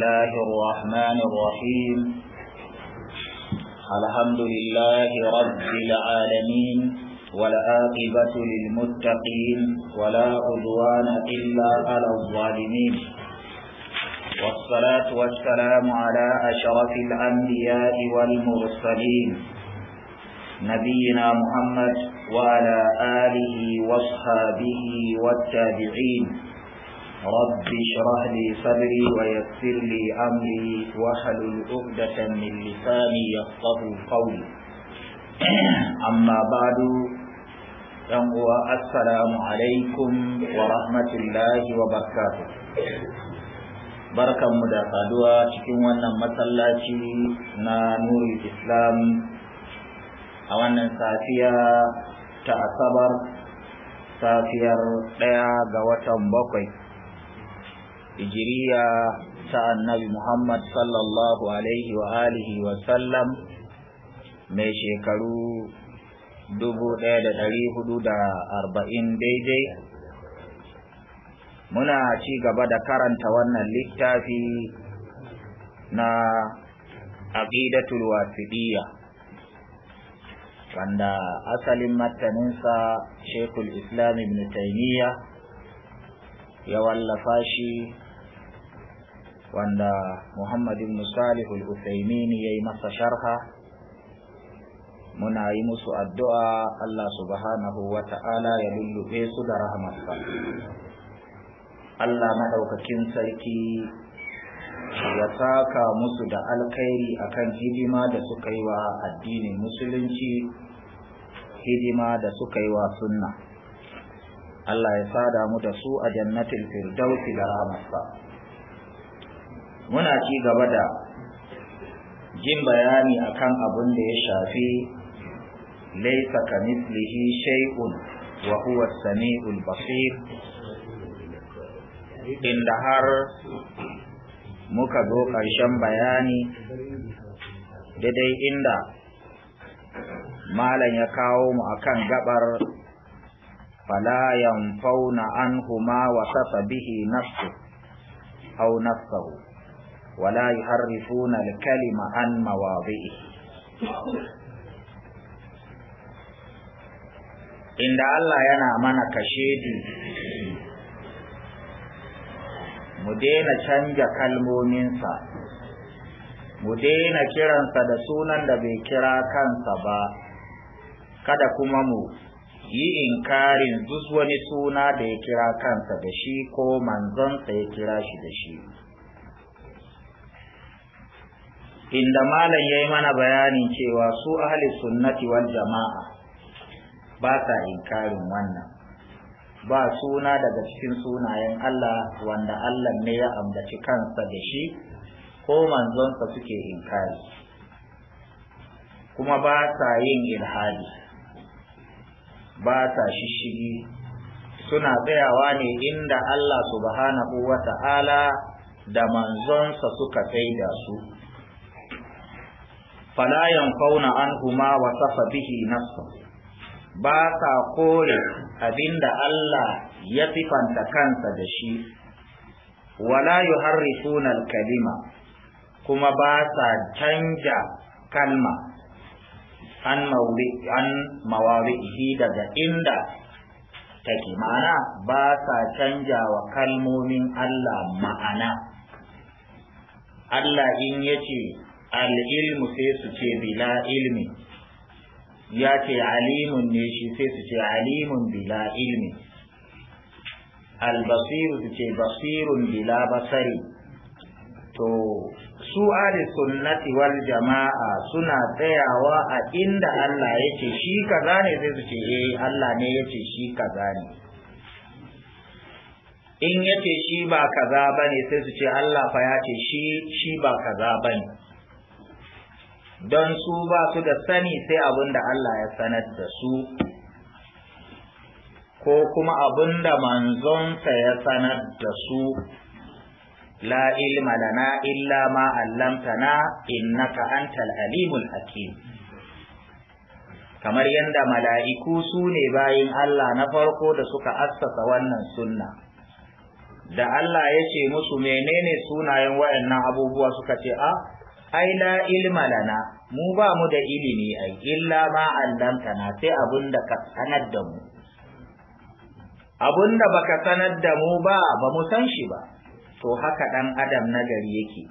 الله الرحمن الرحيم الحمد لله رب العالمين والآقبة للمتقين ولا عدوان إلا على الظالمين والصلاة والسلام على أشرف الأنبياء والمرسلين نبينا محمد وعلى آله واصحابه والتابعين رب اشرح لي صدري ويسر لي أمري واحلل عقدة من لساني يفقه قولي أما بعد ينقوى السلام عليكم ورحمة الله وبركاته barkanmu da saduwa cikin wannan masallaci na nuri islam a wannan safiya ta asabar safiyar ɗaya ga watan bakwai hijiriya ta annabi Muhammad sallallahu alaihi wa alihi wa sallam mai shekaru 1440 daidai muna ci gaba da karanta wannan littafi na aqidatul wasidiyya wanda asalin martaninsa shekul islam ibn taymiya ya wallafa shi wanda Muhammad ibn Salih al yi yayi masa sharha muna yi musu addu'a Allah subhanahu wa ta'ala ya lullube su da rahmarsa Allah madaukakin sarki ya saka musu da alkhairi akan hidima da suka yi wa addinin musulunci hidima da suka yi wa sunna Allah ya sada mu da su a jannatin firdausi da rahmarsa muna ci gaba da jin bayani akan abin da ya shafi laisa ka mislihi shay'un wa huwa sami'ul basir inda har muka zo ƙarshen bayani daidai inda malam ya kawo mu akan gabar fala yanfauna anhuma wa bihi nafsu aw nafsahu wala yuharrifuna al-kalima an mawadhi'i inda Allah yana mana kashedi mu daina canza kalmominsa mu daina kiransa da sunan da bai kira kansa ba kada kuma mu yi inkarin duk wani suna da ya kira kansa da shi ko manzonsa ya kira shi da shi inda malam ya yi mana bayani cewa su ahli sunnati wal jama'a ba sa inkarin wannan ba suna daga cikin sunayen Allah wanda Allah ne ya ambaci kansa da shi ko manzonsa suke inkari kuma ba sa yin ilhadi ba sa shishigi suna tsayawa ne inda Allah subhanahu wa ta'ala da manzonsa suka tsaida su fala an huma wa safa bihi nafsa ba sa kore abinda Allah ya sifanta kansa da shi wala yuharrifuna al-kalima kuma ba sa canja kalma an mawari'ihi daga inda take ma'ana ba sa canja wa kalmomin Allah ma'ana Allah in yace al'ilmu sai su ce bila ilmi ya ce alimun ne shi sai su ce alimun bila ilmi albasiru su ce basirun bila basari to su ali sunnati wal jama'a suna tsayawa a inda Allah ya ce shi kaza ne sai su ce eh Allah ne ya ce shi kaza ne in ya ce shi ba kaza bane sai su ce Allah fa ya ce shi shi ba kaza bane don su ba su da sani sai abin da Allah ya sanar da su ko kuma abin da manzonsa ya sanar da su la ilma lana illa ma allamtana innaka antal alimul hakim kamar yadda mala'iku su ne bayin Allah na farko da suka assasa wannan sunna da Allah ya ce musu menene sunayen waɗannan abubuwa suka ce a ah, ai la ilma lana mu ba mu da ilimi ai illa ma na sai abin da ka sanar da mu abun da baka sanar da mu ba ba mu san shi ba to haka dan adam nagari yake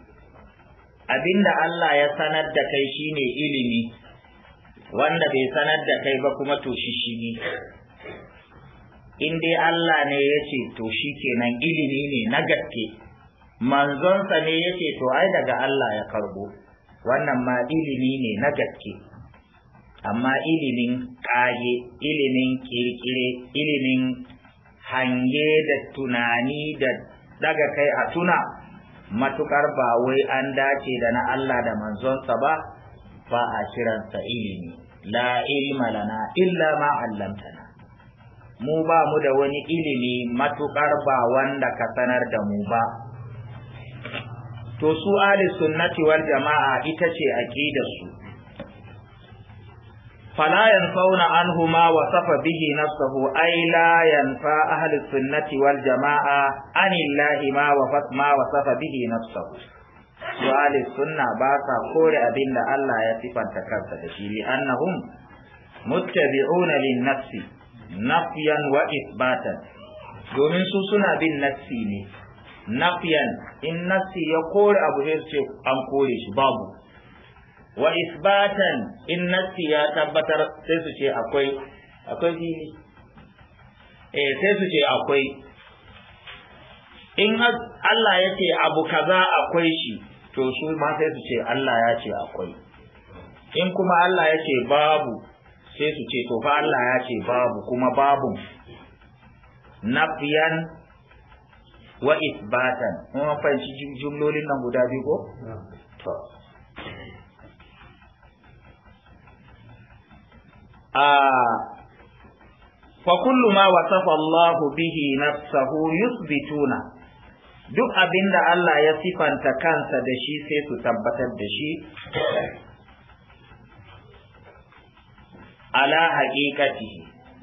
abinda Allah ya sanar da kai shine ilimi wanda bai sanar da kai ba kuma to shi shi ne in dai Allah ne ya ce to shi kenan ilimi ne na gaske manzonsa ne yake to ai daga Allah ya karbo wannan ma ilimi ne na gaske amma ilimin ƙage ilimin kirkire ilimin hange da tunani da daga kai a tuna matukar ba wai an dace da na Allah da manzonsa ba ba a shiransa ilimi la ilma lana illa ma 'allamtana mu ba mu da wani ilimi matukar ba wanda ka sanar da mu ba to su ahli sunnati wal jama'a ita ce aqidar su fala yanfauna anhuma wa safa bihi nafsuhu ay la yanfa ahli sunnati wal jama'a anillahi ma wafat ma wasafa bihi nafsuhu su ahli sunna ba sa kore abinda Allah ya sifanta kansa da shi annahum muttabi'una lin nafsi nafyan wa isbatan domin su suna bin nafsi ne nafiyan in nafsi ya kore abu sai su ce an kore shi babu wa isbatan in nafsi ya tabbatar sai su ce akwai akwai fili eh sai su ce akwai in Allah ya ce abu kaza akwai shi to su ma sai su ce Allah ya ce akwai in kuma Allah ya ce babu sai su ce to fa Allah ya ce babu kuma babu nafiyan wa isbatan mun fahimci jumlolin nan guda biyu ko to a fa kullu ma wasafa Allah bihi nafsahu yuthbituna duk abinda Allah ya sifanta kansa da shi sai su tabbatar da shi ala haƙiƙati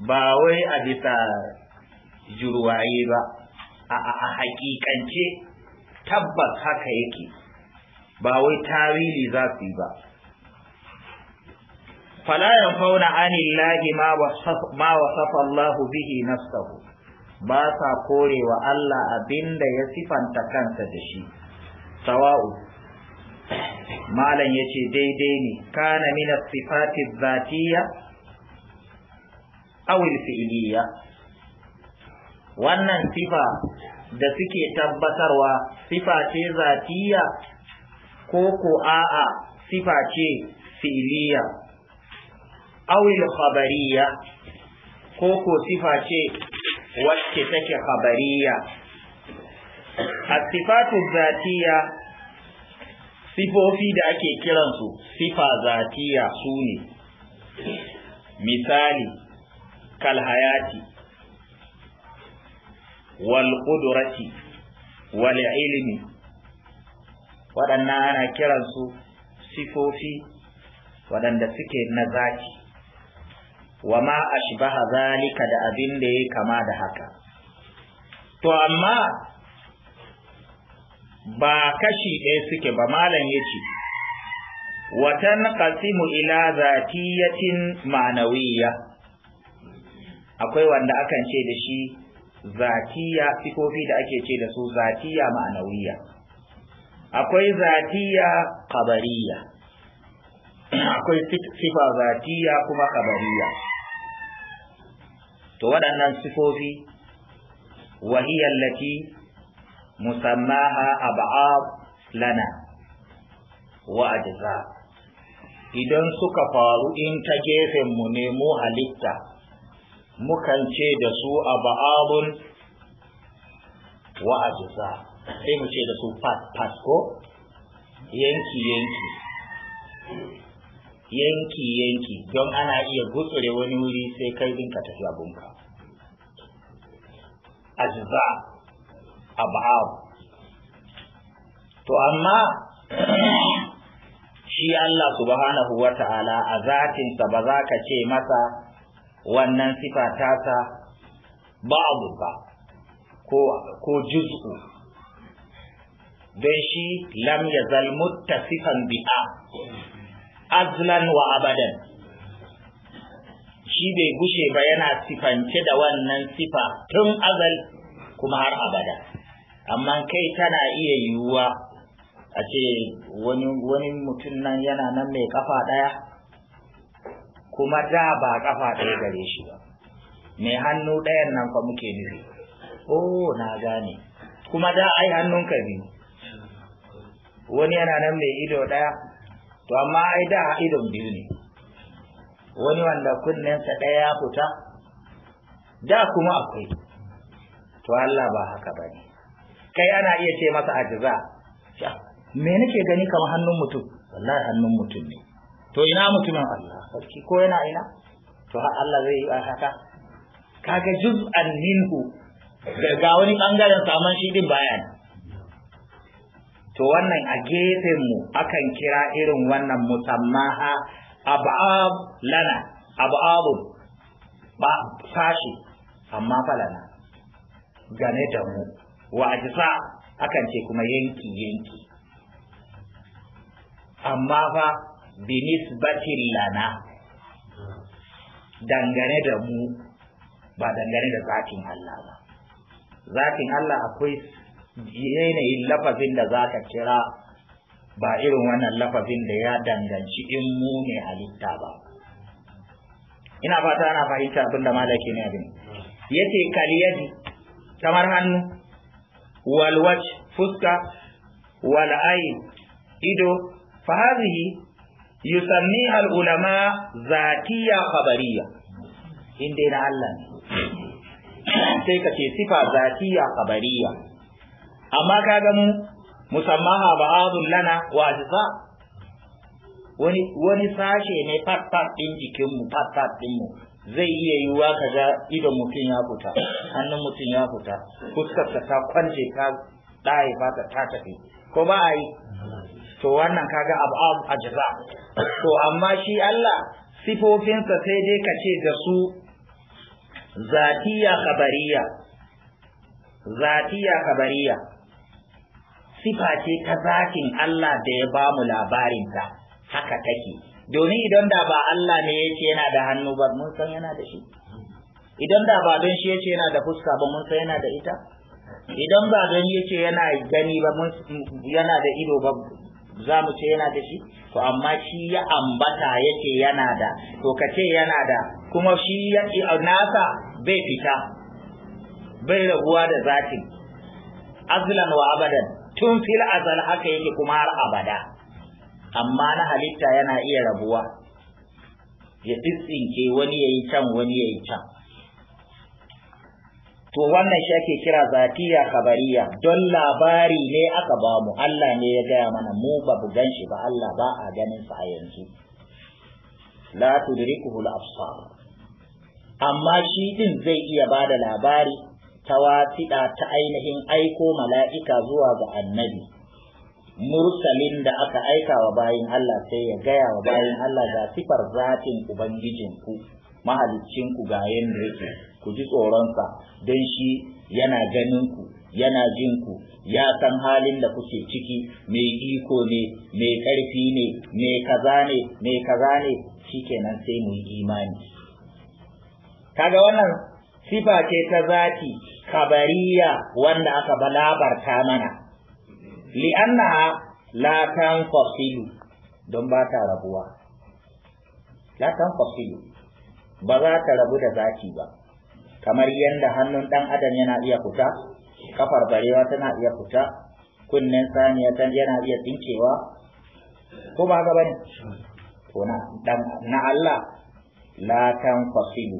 ba wai a bisa jurwaye ba a a hakikance tabbas haka yake ba wai tawili za su yi ba fala fauna anillahi ma wasafa Allah bihi nafsahu ba sa korewa Allah abinda ya sifanta kansa da shi sawa'u malam yace daidai ne kana min sifati adh aw al-fi'liyya wannan sifa da suke tabbatarwa sifa ce zatiya ko ko a'a sifa ce fi'liya awil khabariya ko ko sifa ce wacce take khabariya as-sifatu zatiya sifofi da ake kiransu sifa zatiya su ne misali hayati wal qudrati wal ilmi waɗannan ana kiransu sifofi waɗanda suke na zaki wa ma ashbaha zalika da abin da ya kama da haka to amma ba kashi ɗaya suke ba malam ya ce watan kasimu ila zatiyatin ma'anawiyya akwai wanda akan ce da shi zatiya sifofi da ake ce da su zatiya ma'anawiya akwai zatiya kabariya akwai sifa zatiya kuma kabariya to waɗannan sifofi wahiyar lati musammaha ab'ab lana wa ajza idan suka faru in ta gefen mu nemo halitta mukan ce da su a ba'abun wa ajiza sai mu ce da su pat pat ko yanki yanki yanki yanki don ana iya gutsure wani wuri sai kai dinka tafi abunka a ba'abu. to amma shi Allah subhanahu wa ta'ala a zatinsa ba za ka ce masa wannan sifa ta sa ba ko ko juz'u don shi lam zalmutta muttasifan bi'a azlan wa abadan shi bai gushe ba yana sifance da wannan sifa tun azal kuma har abada amma kai tana iya yiwuwa a ce wani mutum nan yana nan mai kafa ɗaya kuma da ba kafa ɗaya gare shi ba mai hannu ɗayan nan fa muke nufi oh na gane kuma da ai hannunka biyu wani yana nan mai ido ɗaya to amma ai da idon biyu ne wani wanda sa ɗaya ya fita da kuma akwai to Allah ba haka ba ne kai ana iya ce masa ajiza me nake gani kamar hannun mutum wallahi hannun mutum ne to ina mutumin Allah sarki ko yana ina to har Allah zai yi haka kaga juz'an minhu ga wani bangaren saman shi din bayan to wannan a gefen mu akan kira irin wannan musammaha ab'ab lana ab'ab ba sashi amma falana gane da mu wa ajsa akan ce kuma yanki yanki amma fa binisbatin lana dangane da mu ba dangane da zakin Allah ba Zakin Allah akwai yanayin lafafin da za ka kira ba irin wannan lafafin da ya danganci in mu ne halitta ba ina fata ana fahimta abin da malaki ne abin yace kaliyadi kamar hannu walwaj fuska wal ido fa yusammiha al-ulama zatiya khabariya inda na Allah ne sai ka ce sifa zatiya khabariya amma ka ga musamman musammaha ba'adun lana wa ajza wani sashe ne fat fat ɗin jikinmu mu fat fat din zai iya yiwuwa ka ga idon mutum ya fita hannun mutum ya fita fuskar ta kwanje ta ɗaya ba ta tafi ko ba a yi to wannan kaga a jira? to amma shi Allah sifofinsa sai dai ka ce da su zatiya khabariya zatiya khabariya sifa ce ta zatin Allah da ya ba mu labarin ta, haka take domin idan da ba Allah ne ya ce yana da hannu ba mun san yana da shi idan da ba don shi ya ce yana da fuska ba mun san yana da ita idan ba don ya ce yana gani ba mun yana da ido ba za mu ce yana da shi to amma shi ya ambata yake yana da to ka ce yana da kuma shi ya nasa bai fita bai rabuwa da zati azlan wa abadan tun fil azal haka yake kuma har abada amma na halitta yana iya rabuwa ya tsitsinke wani yayi can wani yayi can to wannan shi ake kira zatiya khabariya don labari ne aka ba mu Allah ne ya gaya mana mu ba bu gan shi ba Allah ba a ganin sa a yanzu la tudrikuhu al-absar amma shi din zai iya ba da labari ta wasiɗa ta ainihin aiko mala'ika zuwa ga annabi mursalin da aka aika wa bayin Allah sai ya gaya wa bayin Allah ga sifar zatin ubangijinku mahaliccinku ga yin yake ku ji tsoronsa don shi yana ganin ku yana jin ku ya san halin da kuke ciki mai iko ne mai ƙarfi ne mai kaza ne mai kaza ne shikenan sai mu yi imani kaga wannan sifa ce ta zati kabariya wanda aka balabarta mana li'anna la tanfasilu don ba ta rabuwa la tanfasilu ba za ta rabu da zaki ba kamar yadda hannun ɗan adam yana iya fita kafar barewa tana iya fita kunnen saniya yana iya tsinkewa ko ba gaba ne to na na Allah la qasibu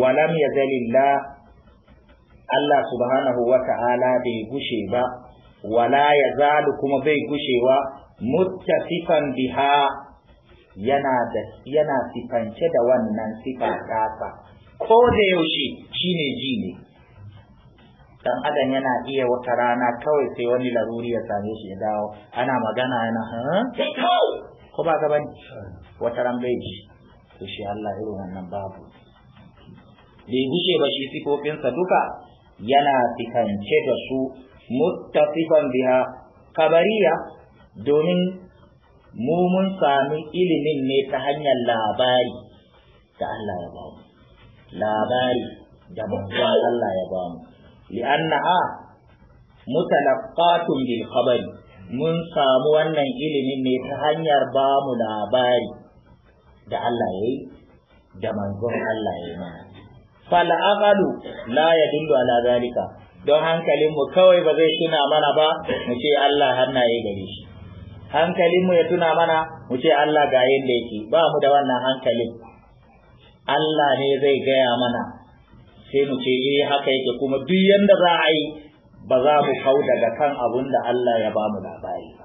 wa lam yazalillah Allah subhanahu wa ta'ala bai gushe ba wala yazalu kuma bai gushewa muttasifan biha yana da yana sifance da wannan sifa kasa ko da yaushe shine ji ne dan adam yana iya wata rana kawai sai wani laruri ya same shi ya dawo ana magana yana ha, ko ba ka bane wata ran bai ji to shi Allah irin wannan babu bai gushe ba shi sa duka yana fikance da su muttafifan biha kabariya domin mu mun sami ilimin ne ta hanyar labari da Allah ya bamu labari da babban Allah ya ba mu a mutalaqqatun bil khabari mun samu wannan ilimin ne ta hanyar ba mu labari da Allah ya yi, da manzon Allah ya yi mana fal aqalu la yadullu ala zalika don hankalinmu kawai ba zai tuna mana ba mu ce Allah hannaye gare shi hankalinmu ya tuna mana mu ce Allah ga yadda yake ba mu da wannan hankalin Allah ne zai gaya mana sai mu ce eh haka yake kuma duk yanda za a yi ba za mu kau daga kan abun da Allah ya ba mu labari ba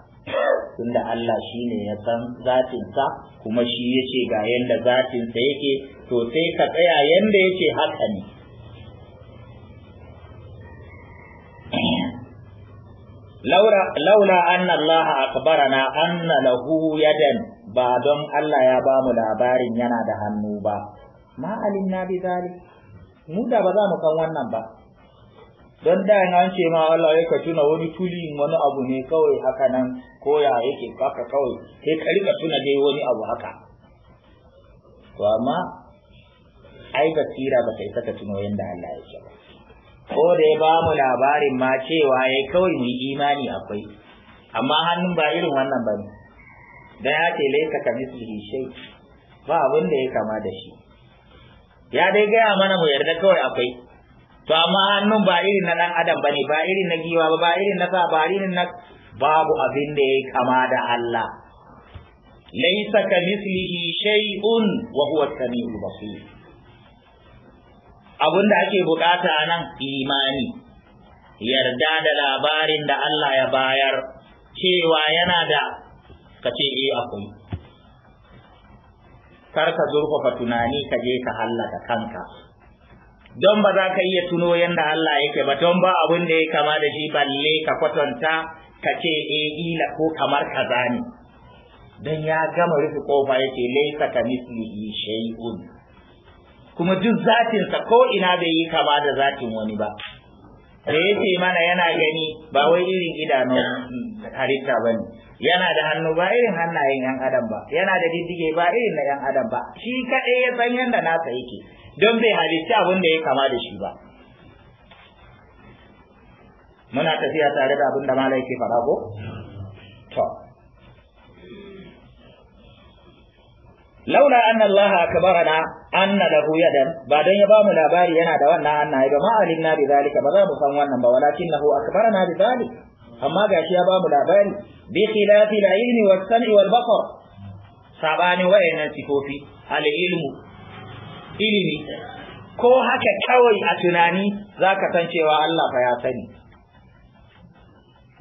tunda Allah shi ya san sa kuma shi ya ga yanda sa yake to sai ka tsaya yanda yake haka ne laula anna Allah akbarana anna lahu yadan ba don Allah ya ba mu labarin yana da hannu ba ma alimna bi zalik mu da ba za mu kan wannan ba don da an ce ma Allah ya ka tuna wani tuli wani abu ne kawai haka nan ko ya yake haka kawai sai ka rika tuna dai wani abu haka to amma ai basira ba kai saka tuno yanda Allah ya ce ba ko da ya ba mu labarin ma cewa ya kawai mu imani akwai amma hannun ba irin wannan ba ne da ya ce laika ka shay ba abin da ya kama da shi ya dai gaya mana mu yarda kawai akwai to amma hannun ba irin na dan adam bane ba irin na giwa ba ba irin na sa ba irin na babu abin da yayi kama da Allah laysa ka mislihi shay'un wa huwa as-sami'ul basir abin da ake bukata nan imani yarda da labarin da Allah ya bayar cewa yana da kace eh akwai kar ka zurfafa tunani ka je ka hallaka kanka don ba za ka iya tuno yadda Allah yake ba don ba abin da ya kama da shi balle ka kwatanta ka ce eh ila ko kamar kaza ne Dan ya gama rufe kofa ya ce laisa ka mislihi shay'un kuma duk zatinsa ko ina bai yi kama da zatin wani ba da ya mana yana gani ba wai irin idanu halitta ba ne yana da hannu ba irin hannayen yan adam ba yana da diddige ba irin na yan adam ba shi kaɗai ya san yadda nasa yake don bai halitta abin da ya kama da shi ba muna tafiya tare da abin da malai ke faɗa ko to laula anna allaha akbarana anna lahu yadan ba dan ya bamu labari yana da wannan anna ba ma na bi zalika ba za mu san wannan ba Walakin lahu akbarana bi zalik amma gashi ya bamu labari bi khilafi al-ilmi was-sam'i wal-basar sabani wayannan sifofi al-ilmu ilimi ko haka kawai a tunani zaka san cewa Allah fa ya sani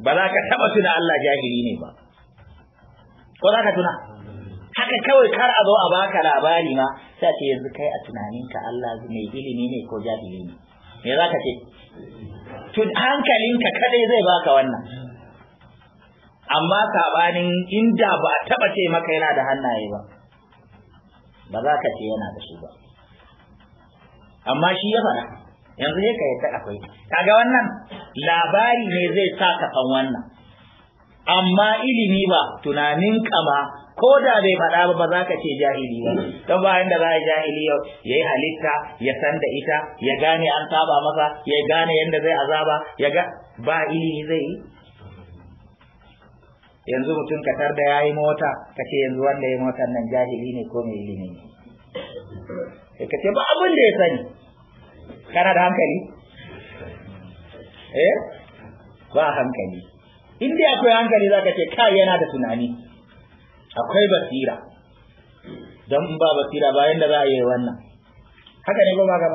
ba za ka taba tuna Allah jahili ne ba ko za ka tuna haka kawai kar a zo a baka labari ma sai ce yanzu kai a tunaninka Allah mai ilimi ne ko jahili ne me za ka ce tun hankalinka kadai zai baka wannan amma sabanin inda ba a taba ce maka yana da hannaye ba ba za ka ce yana da shi ba amma shi ya faɗa yanzu ne ka yi akwai kaga wannan labari ne zai sa ka san wannan amma ilimi ba tunanin kama ko da bai faɗa ba ba za ka ce jahili ba don ba da za a jahili yau ya halitta ya san da ita ya gane an saba masa ya gane yadda zai azaba ya ga ba ilimi zai yi yanzu mutum ka tar da ya yi mota ka ce yanzu wanda ya yi motar nan jahili ne ko mai ilimi ne ka ce ba abin da ya sani kana da hankali eh ba hankali in dai akwai hankali zaka ce kai yana da tunani akwai basira dan ba basira ba yanda za a yi wannan haka ne ba ba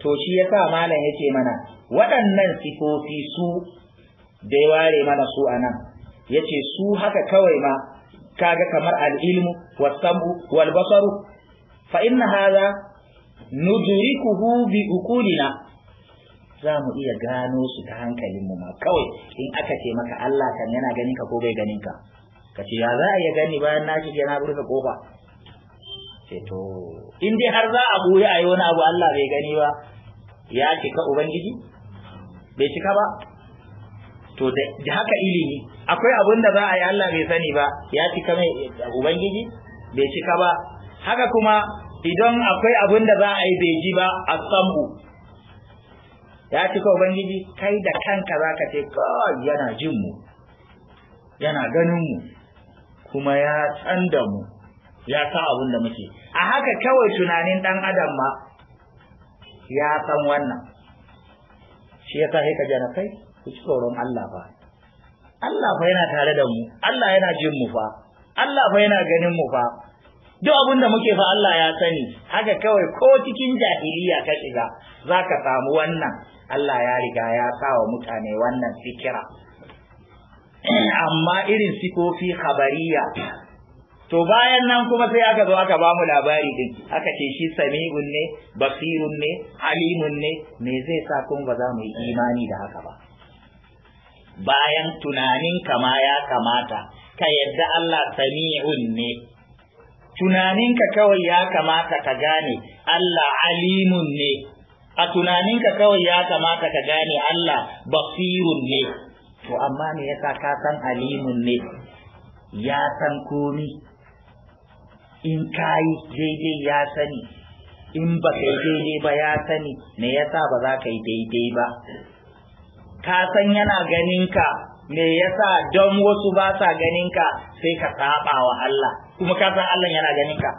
to shi yasa malam yake mana waɗannan sifofi su da ya ware mana su anan yace su haka kawai ma kaga kamar al-ilmu was-sam'u wal-basaru fa inna hadha nudrikuhu bi uqulina za mu iya gano su ta hankalinmu ma kawai in aka ce maka Allah kan yana ganin ka ko bai ganin ka ka ce ya za a iya gani bayan na shige na burka kofa ce to in dai har za a buya a yi wani abu Allah bai gani ba ya cika ubangiji bai cika ba to da haka ilimi akwai abin da za a yi Allah bai sani ba ya cika mai ubangiji bai cika ba haka kuma idan akwai abin da za a yi bai ji ba a samu ya cika ubangiji kai da kanka za ka ce kawai yana jin mu yana ganin mu kuma ya san da mu ya sa abin da muke a haka kawai tunanin dan adam ma ya san wannan shi ya sa ka jana kai ku ci tsoron Allah ba Allah fa yana tare da mu Allah yana jin mu fa Allah fa yana ganin mu fa duk abin da muke fa Allah ya sani haka kawai ko cikin jahiliya ka shiga zaka samu wannan Allah ya riga ya sawa mutane wannan fikira amma irin sikofi khabariya to bayan nan kuma sai aka zo aka bamu labari din aka ce shi sami'un ne basirun ne alimun ne me zai sa kun ba za mu yi imani da haka ba bayan tunanin kama ya kamata ka yadda Allah sami'un ne tunaninka kawai ya kamata ka gane Allah alimun ne a tunaninka kawai ya kamata ka gane Allah basirun ne to amma me yasa ka san alimun ne ya san komi in dai daidai ya sani in ba kai daidai ba ya sani me yasa ba za ka yi daidai ba ka san yana ganinka me yasa don wasu ba sa ganinka sai ka saɓa wa Allah kuma ka san Allah yana ganinka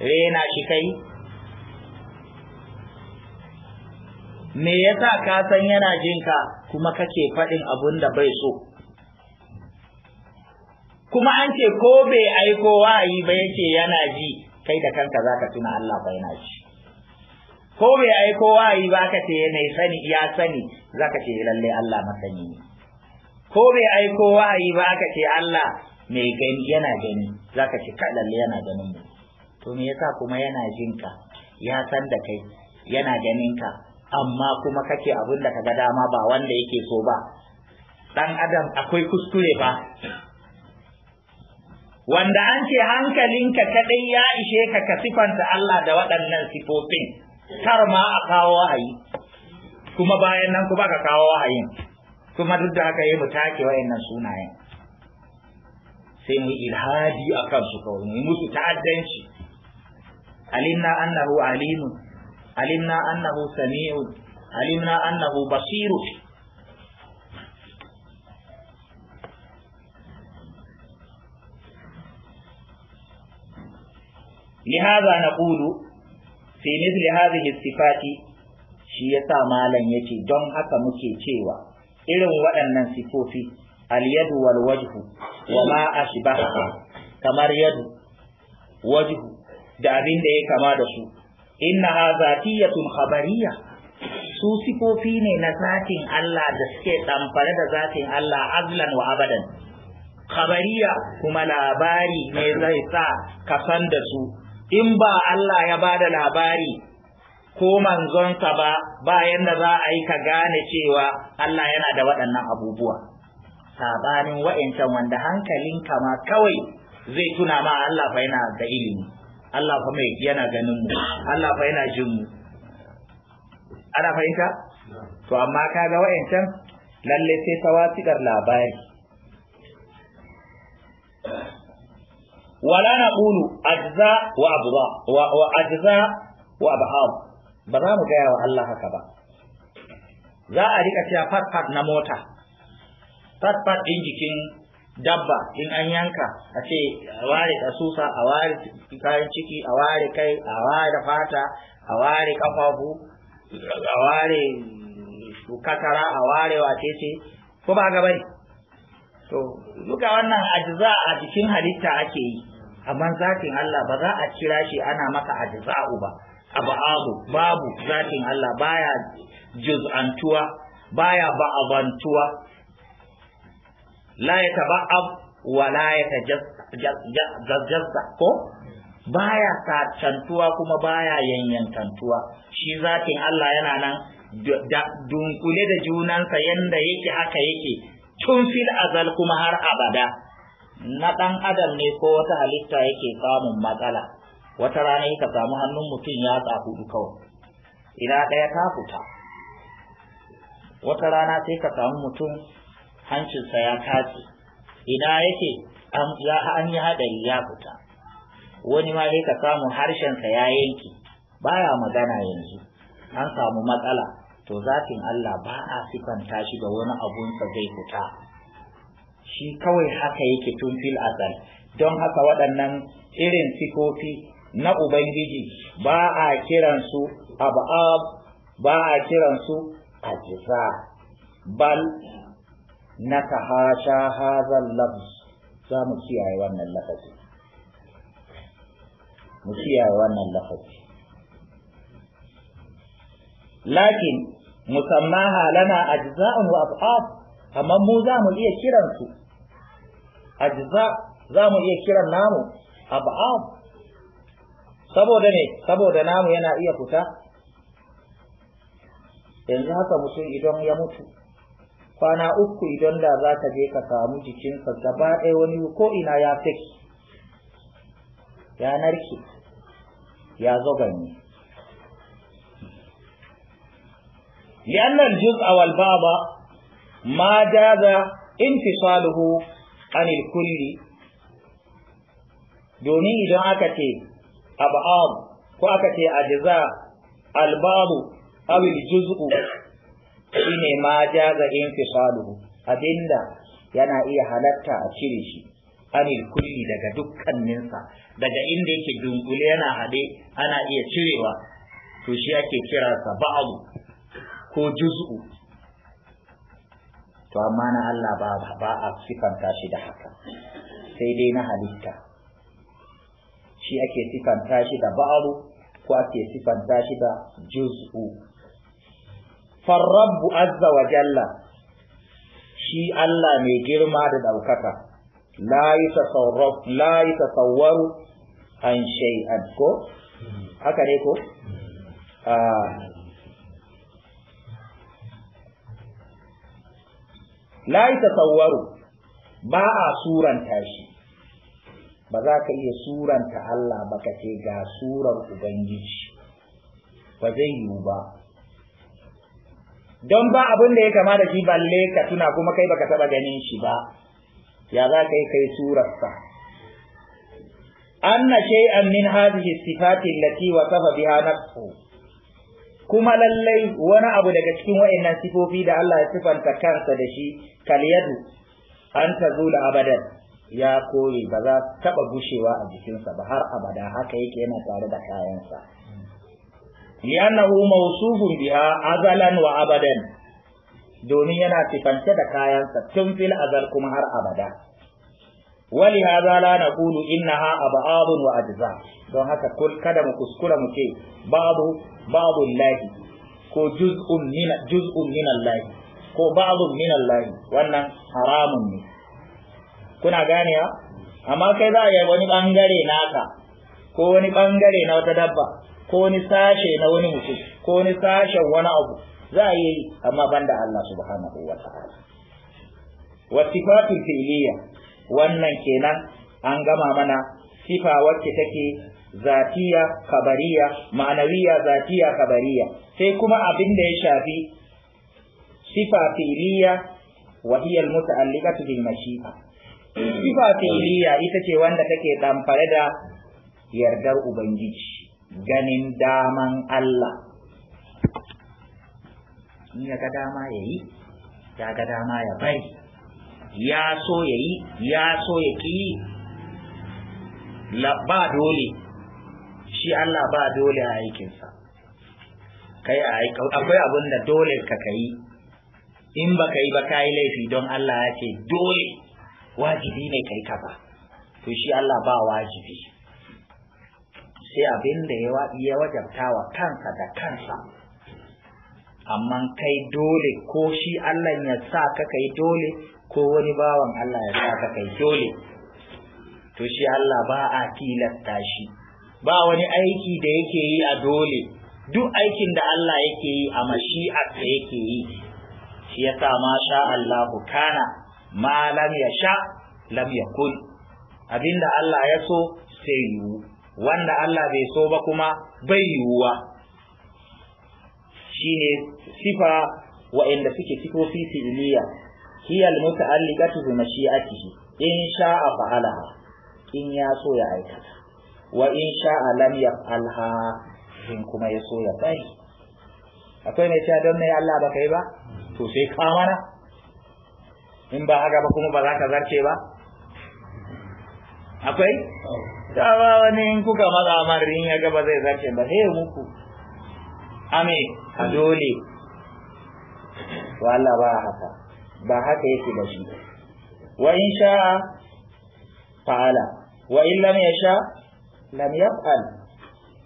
rena shi kai me yasa ka san yana jinka kuma kake faɗin abun da bai so kuma an ce ko bai aiko wa'ayi ba yake yana ji kai da kanka za ka tuna Allah bai na ji ko bai aiko wa'ayi ba ka ce yana sani ya sani zaka ce lalle Allah masani ne ko bai aiko wa'ayi ba ka ce Allah mai gani yana gani za ka ce ka lalle yana ganin mu to me yasa kuma yana jinka ya san da kai yana ganin ka amma kuma kake abin da kaga dama ba wanda yake so ba dan adam akwai kuskure ba wanda an ce hankalinka kadai ya ishe ka ka sifanta Allah da waɗannan sifofin kar ma a kawo wahayi kuma bayan nan kuma ka kawo wahayin kuma duk da haka yi mu take wayannan sunayen sai mu ilhadi akan su kawai mu musu ta'addanci alinna annahu alimun alimna annahu sami'u alimna annahu basiru لهذا na في مثل lihazi الصفات shi yasa malam yake don haka muke cewa irin waɗannan sifofi alyadu wal wajhu wa ma ashbaha kamar yadu wajhu da abin da ya kama da su innaha zatiyatun khabariya su sifofi ne na zatin Allah da suke ɗamfare da zatin Allah azlan wa abadan khabariya kuma labari ne zai sa ka san da su in ba Allah ya ba da labari ko manzonsa ba bayan da za a yi ka gane cewa Allah yana da waɗannan abubuwa sabanin wa'incan wanda hankalinka ma kawai zai tuna ma Allah fa yana da ilimi Allah fa mai yana ganin mu Allah fa yana jin mu ana fahimta to amma kaga wa'ancan lalle sai ta tawasikar labari wala na ƙulu ajza wa wa ajza wa ba za mu gaya wa Allah haka ba za a rika cewa fat fat na mota fat fat ɗin jikin dabba in an yanka a ce a ware kasusa a ware kayan ciki a ware kai a ware fata a ware kafafu a ware kakara a ware wacece ko ba ga bari to duka wannan ajiza a jikin halitta ake yi amma zatin Allah ba za a kira shi ana maka ajza'u ba abu abu babu zatin Allah baya juz'antuwa baya ba'abantuwa la ya taba'ab wa la ya tajazza ko baya tantuwa, kuma baya yanyantantuwa shi zatin Allah yana nan dunkule da junansa yanda yake haka yake tun fil azal kuma har abada na ɗan adam ne ko wata halitta yake samun matsala wata rana yaka samu hannun mutum ya hudu kawai ina ɗaya ta fita wata rana sai ka samu mutum hancinsa ya katse ina yake an yi haɗari ya fita wani ma dai ka samu harshensa ya yanke baya magana yanzu an samu matsala to zakin Allah ba a sifanta shi ga wani abunsa zai fita shi kawai haka yake tun fil azal don haka waɗannan irin sifofi na Ubangiji ba a kiransu ab'ab ba a kiransu ajza bal na ka hasha hazan lafz za mu kiyaye wannan lafazi mu kiyaye wannan lafazi lakin halana a ajza'un wa af'af amma mu za mu iya kiransu a jiza za mu iya kiran namu ab'af saboda ne saboda namu yana iya fita yanzu haka mutum idan ya mutu kwana uku idan da za ka je ka samu jikinka gaba ɗaya wani ko ina ya fix ya narke ya zo ganye ma الجزء والبعض ما جاز انفصاله عن الكل domin idan aka ce ab'ad ko aka ce a al-ba'd aw juzu shine ma jaza fisalu abinda yana iya halatta a cire shi anil kulli daga dukkaninsa daga inda yake dunkule yana haɗe ana iya cirewa to shi ake kira sa ba'u ko juz'u to amma na Allah ba ba a sifanta shi da haka sai dai na halitta shi ake sifanta shi da ba'u ko ake sifanta shi da juz'u farrabbu azza wa jalla shi Allah mai girma da ɗaukaka la yi tasawwaru an shay'an ko haka ne ko ah. la yi tasawwaru ba a suranta shi ba za ka iya suranta Allah ba ka ce ga surar Ubangiji ba zai yiwu ba don ba abin da ya kama da shi balle ka tuna kuma kai baka taba ganin shi ba ya za ka yi kai surarsa anna shay'an min hadhihi sifati allati wasafa biha nafsu kuma lallai wani abu daga cikin wa'annan sifofi da Allah ya sifanta kansa da shi kaliyadu an tazula abadan ya koyi ba za taba gushewa a jikinsa ba har abada haka yake yana tare da kayansa li'annahu mawsufun biha azalan wa abadan doni yana tifance da kayansa tun fil azal kuma har abada wali hadha la naqulu innaha ab'adun wa ajza don haka kul kada mu kuskura mu ce babu babu lahi ko juz'un min juz'un min Allah ko ba'dun min Allah wannan haramun ne kuna ganewa amma kai za a yi wani bangare naka ko wani bangare na wata dabba ko ni sashe na wani mutum ko ni sashen wani abu za a yi amma banda Allah subhanahu wa ta'ala wa sifatul fi'liya wannan kenan an gama mana sifa wacce take zatiya kabariya ma'anawiya zatiya kabariya sai kuma abin da ya shafi sifa fi'liya wa hiya al-muta'alliqatu bil mashi'a sifa fi'liya ita ce wanda take damfare da yardar ubangiji ganin daman Allah in ya ga dama ya yi ya ga dama ya bari ya so ya yi ya so ya ki ba dole shi Allah ba dole a aikinsa kai akwai abin da dole ka kayi in ba ka yi ba ka laifi don Allah ya ce dole wajibi ne kai ba, to shi Allah ba wajibi sai abin da ya wajabta wajabtawa kansa da kansa amma kai dole ko shi Allah ya sa ka kai dole ko wani bawan Allah ya sa ka kai dole to shi Allah ba a tilasta shi ba wani aiki da yake yi a dole duk aikin da Allah yake yi a mashi'ar da yake yi shi yasa ma sha Allah kana malam ya sha, lam yakun abinda Allah ya so sai yiwu wanda Allah bai so ba kuma bai yiwuwa ne sifa wa'inda suke sifofi fi'iliya hiya almuta'alliqatu bi mashi'atihi in sha'a fa'alaha in ya so ya aikata wa in sha'a lam yaf'alha in kuma ya so ya bari akwai mai cewa don ne Allah ba yi ba to sai ka mana in ba haka ba kuma ba za ka zarce ba akwai oh. kawa wani in kuka matsa in ya gaba zai zace ba sai muku ame a dole wala ba haka ba haka yake da shi wa in sha fa'ala wa in lam sha lam yaf'al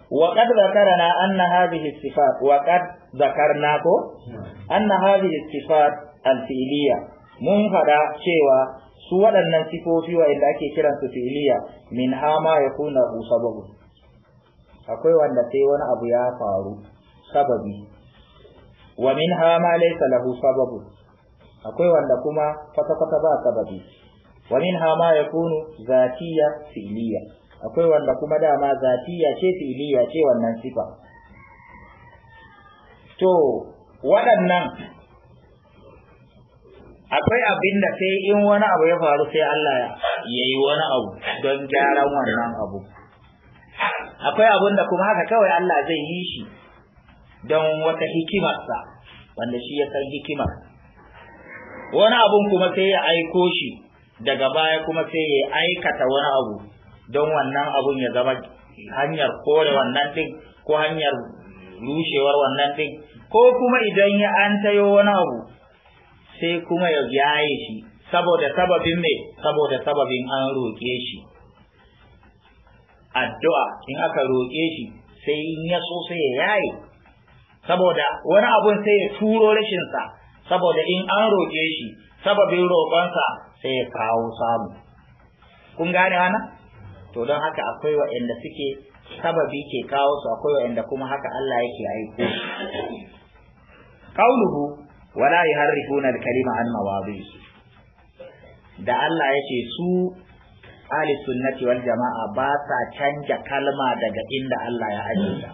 wa qad zakarna anna hadhihi sifat wa qad zakarna ko hmm. anna hadhihi sifat al filiya mun hada cewa su waɗannan sifofi wa'inda ake kiran su filiya min hama ya kuna sababu akwai wanda sai wani abu ya faru sababi wa min hama laysa lahu sababu akwai wanda kuma kwata-kwata ba sababi wa min hama ya kunu zatiya filiya akwai wanda kuma dama zatiya ce filiya ce wannan sifa to waɗannan akwai abin da sai in wani abu ya faru sai Allah ya yi wani abu don gyaran wannan abu akwai abin da kuma haka kawai Allah zai yi shi don wata hikimarsa wanda shi ya san hikimar wani abun kuma sai ya aiko shi daga baya kuma sai ya aikata wani abu don wannan abun ya zama hanyar kore wannan din ko hanyar rushewar wannan din ko kuma idan ya an tayo wani abu sai kuma ya yaye shi saboda sababin me saboda sababin an roƙe shi addu'a in aka roƙe shi sai in ya so sai ya yaye saboda wani abun sai ya turo rashinsa saboda in an roƙe shi sababin roƙonsa sai ya kawo samu kun gane wana to don haka akwai waɗanda suke sababi ke kawo su akwai waɗanda kuma haka Allah yake aiko qauluhu wala har al-kalima an mawadihi da Allah yace su ahli sunnati wal jama'a ba sa canja kalma daga inda Allah ya aje ta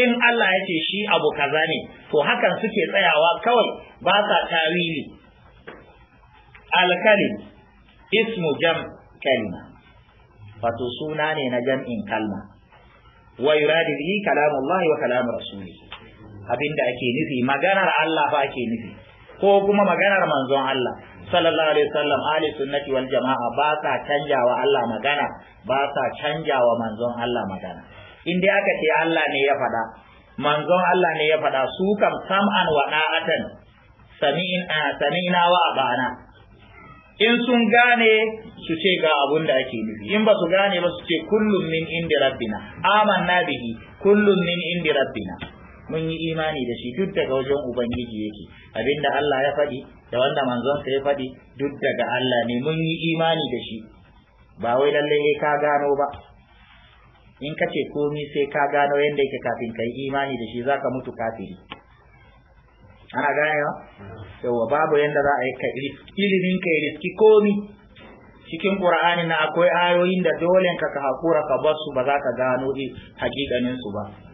in Allah yace shi abu kaza ne to hakan suke tsayawa kawai ba sa tawili Alkali ismu jam kalima wato suna ne na jam'in kalma wa yuradu bihi kalamullahi wa kalamu rasulih abinda ake nufi maganar Allah ba ake nufi ko kuma maganar manzon Allah sallallahu alaihi wasallam ahli sunnati wal jama'a ba sa canjawa Allah magana ba sa canjawa manzon Allah magana in dai aka ce Allah ne ya faɗa manzon Allah ne ya faɗa su kam sam'an wa da'atan sami'na sami'na wa abana in sun gane su ce ga abun da ake nufi in ba su gane ba su ce kullum min indi rabbina amanna bihi kullum min indi rabbina mun yi imani da shi duk daga wajen ubangiji yake abinda Allah ya faɗi da wanda manzonsa ya faɗi duk daga Allah ne mun yi imani da shi ba wai lalle ne ka gano ba in ka ce komi sai ka gano yadda yake kafin ka yi imani da shi za ka mutu kafiri ana ganewa yawa babu yadda za a yi ka ilimin ka riski komi cikin qur'ani na akwai ayoyin da dole ka ka hakura ka bar su ba za ka gano hakikanin su ba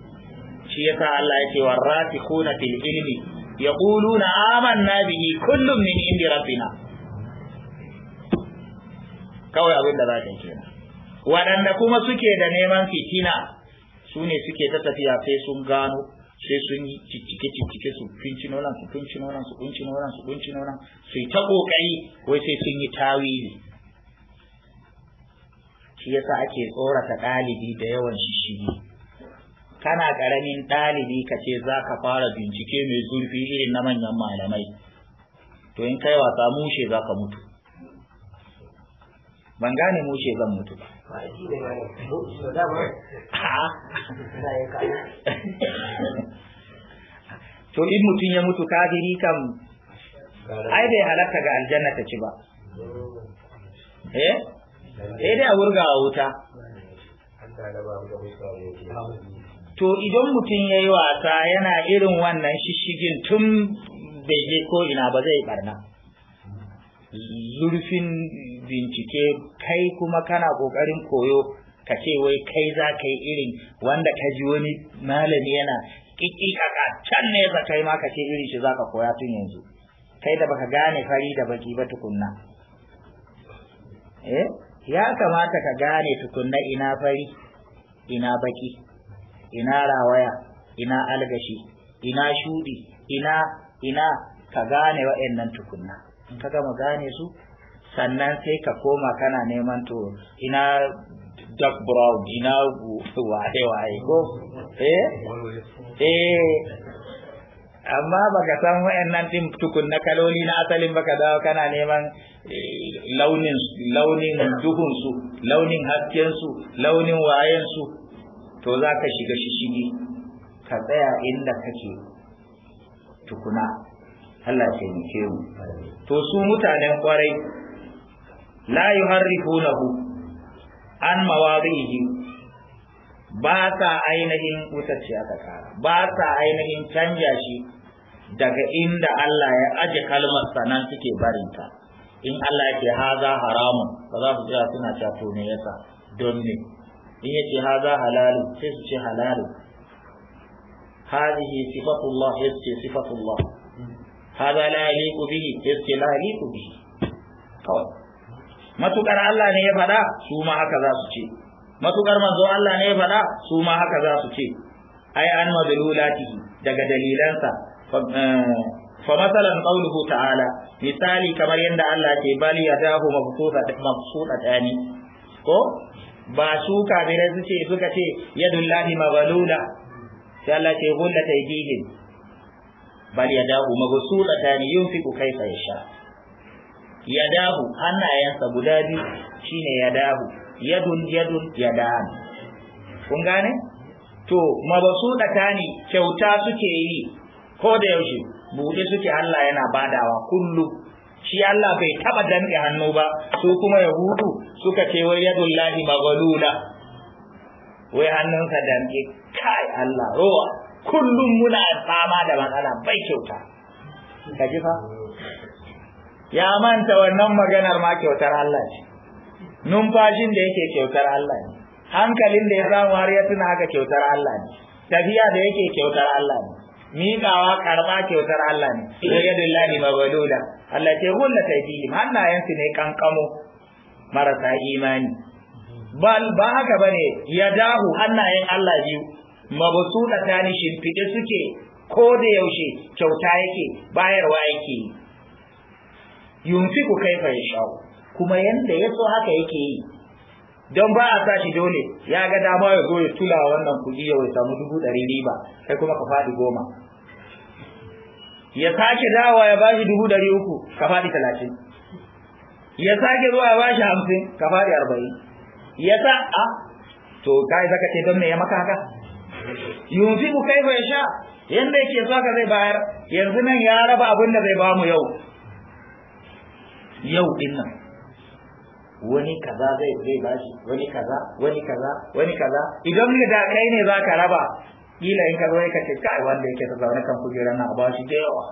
shi yasa Allah yake warrasikhuna fil ilmi yaquluna amanna bihi kullum min indi rabbina kawai abin da zaka ce waɗanda kuma suke da neman fitina su ne suke ta tafiya sai sun gano sai sun yi cicike cicike su fincino nan su fincino nan su fincino nan su fincino nan su yi ta kokari wai sai sun yi tawili shi yasa ake tsorata ɗalibi da yawan shishigi kana karamin ɗalibi ka ce za ka fara bincike mai zurfi irin na manyan malamai to in kai wasa mushe za ka mutu ban gane mushe zan mutu to in mutum ya mutu kafiri kam ai bai halatta ga aljanna ta ci ba eh eh dai a wurga wuta to idan mutum ya yi wasa yana irin wannan shishigin tun bai je ko ina ba zai barna zurfin bincike kai kuma kana kokarin koyo ka ce wai kai za ka yi irin wanda ka ji wani malami yana kikikaka can ne za kai ma ka ce irin shi za ka koya tun yanzu kai da baka gane fari da baki ba tukunna eh ya kamata ka gane tukunna ina fari ina baki ina rawaya ina algashi ina shudi ina ina ka gane wa'annan tukunna in ka gama gane su sannan sai ka koma kana neman to ina dark brown ina waye waye ko eh eh amma baka san wa'annan tukunna kaloli na asalin baka dawo kana neman eh, launin launin duhun su launin hasken su launin wayen to za ka shiga shishigi ka tsaya inda kake tukuna Allah ce mu mu to su mutanen kwarai la yuharrifunahu an mawadihi ba sa ainihin wutacce aka kara ba sa ainihin canja shi daga inda Allah ya aje kalmar sanan suke barinta in Allah ya haza haramun ba za su jira suna cato ne yasa don ne in yace haza halalu sai su ce halalu hadhihi sifatullah yace sifatullah haza la yaliqu bihi yace la yaliqu bihi kawai matukar Allah ne ya faɗa su ma haka za su ce matukar manzo Allah ne ya faɗa su ma haka za su ce ai an madlulatihi daga dalilansa fa eh, masalan qawluhu ta'ala misali kamar yadda Allah ke bali yadahu mabsuta mabsuta tani ko ba su kafirai su ce suka ce yadullahi maghlula sai Allah ce gulla taydihim bal yadahu maghsulatan yunfiqu sha. Ya yadahu hannayensa guda biyu shine yadahu yadun yadun yadan kun gane to ni kyauta suke yi ko da yaushe bude suke Allah yana badawa kullu shi Allah bai taba danke hannu ba su kuma ya hudu? suka ce wai yadullahi magaluna wai hannunsa danke kai Allah rowa kullum muna fama da matsala bai kyauta ka fa ya manta wannan maganar ma kyautar Allah ce numfashin da yake kyautar Allah ne hankalin da ya samu har ya tuna haka kyautar Allah ne tafiya da yake kyautar Allah ne miƙawa karɓa kyautar Allah ne wa ma lani mabalula Allah ce hulla ta yi hannayensu ne kankamo marasa imani bal ba haka bane ya dahu hannayen Allah biyu da ta ni shimfiɗe suke ko da yaushe kyauta yake bayarwa yake yi. Yunfi yunfiku kai yashau kuma yanda ya so haka yake yi don ba a sa shi dole ya ga dama ya zo ya tula wannan kuɗi ya wai samu dubu ɗari riba kai kuma ka faɗi goma ya sake dawa ya bashi dubu ɗari uku ka faɗi talatin ya sake zuwa ya bashi hamsin ka faɗi arba'in ya sa a ah, to kai zaka ce don me ya maka haka kai kaifa sha, yanda yake so ka zai bayar yanzu nan ya raba abin da zai bamu yau yau din nan wani kaza zai zai bashi wani kaza wani kaza wani kaza idan ne da kai ne zaka raba kila in ka zo ka ce kai wanda yake ta zaune kan kujerar na ba shi da yawa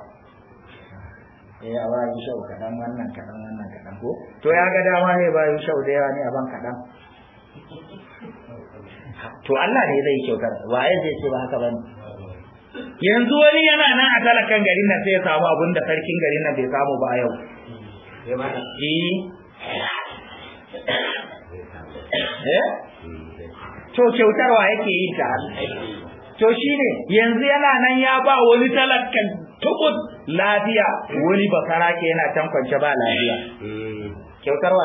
eh a ba yi shau kadan wannan kadan wannan kadan ko to ya ga dama ne ba yi shau da yawa ne a ban kadan to Allah ne zai kyautar wa ai zai ce ba haka bane yanzu wani yana nan a talakan garin nan sai ya samu abin da sarkin garin nan bai samu ba yau eh Eh? to kyautarwa yake yi ta to shi ne. yanzu yana nan ya ba wani talakkan tukun lafiya wani bakara ke yana tankwance ba lafiya kyautarwa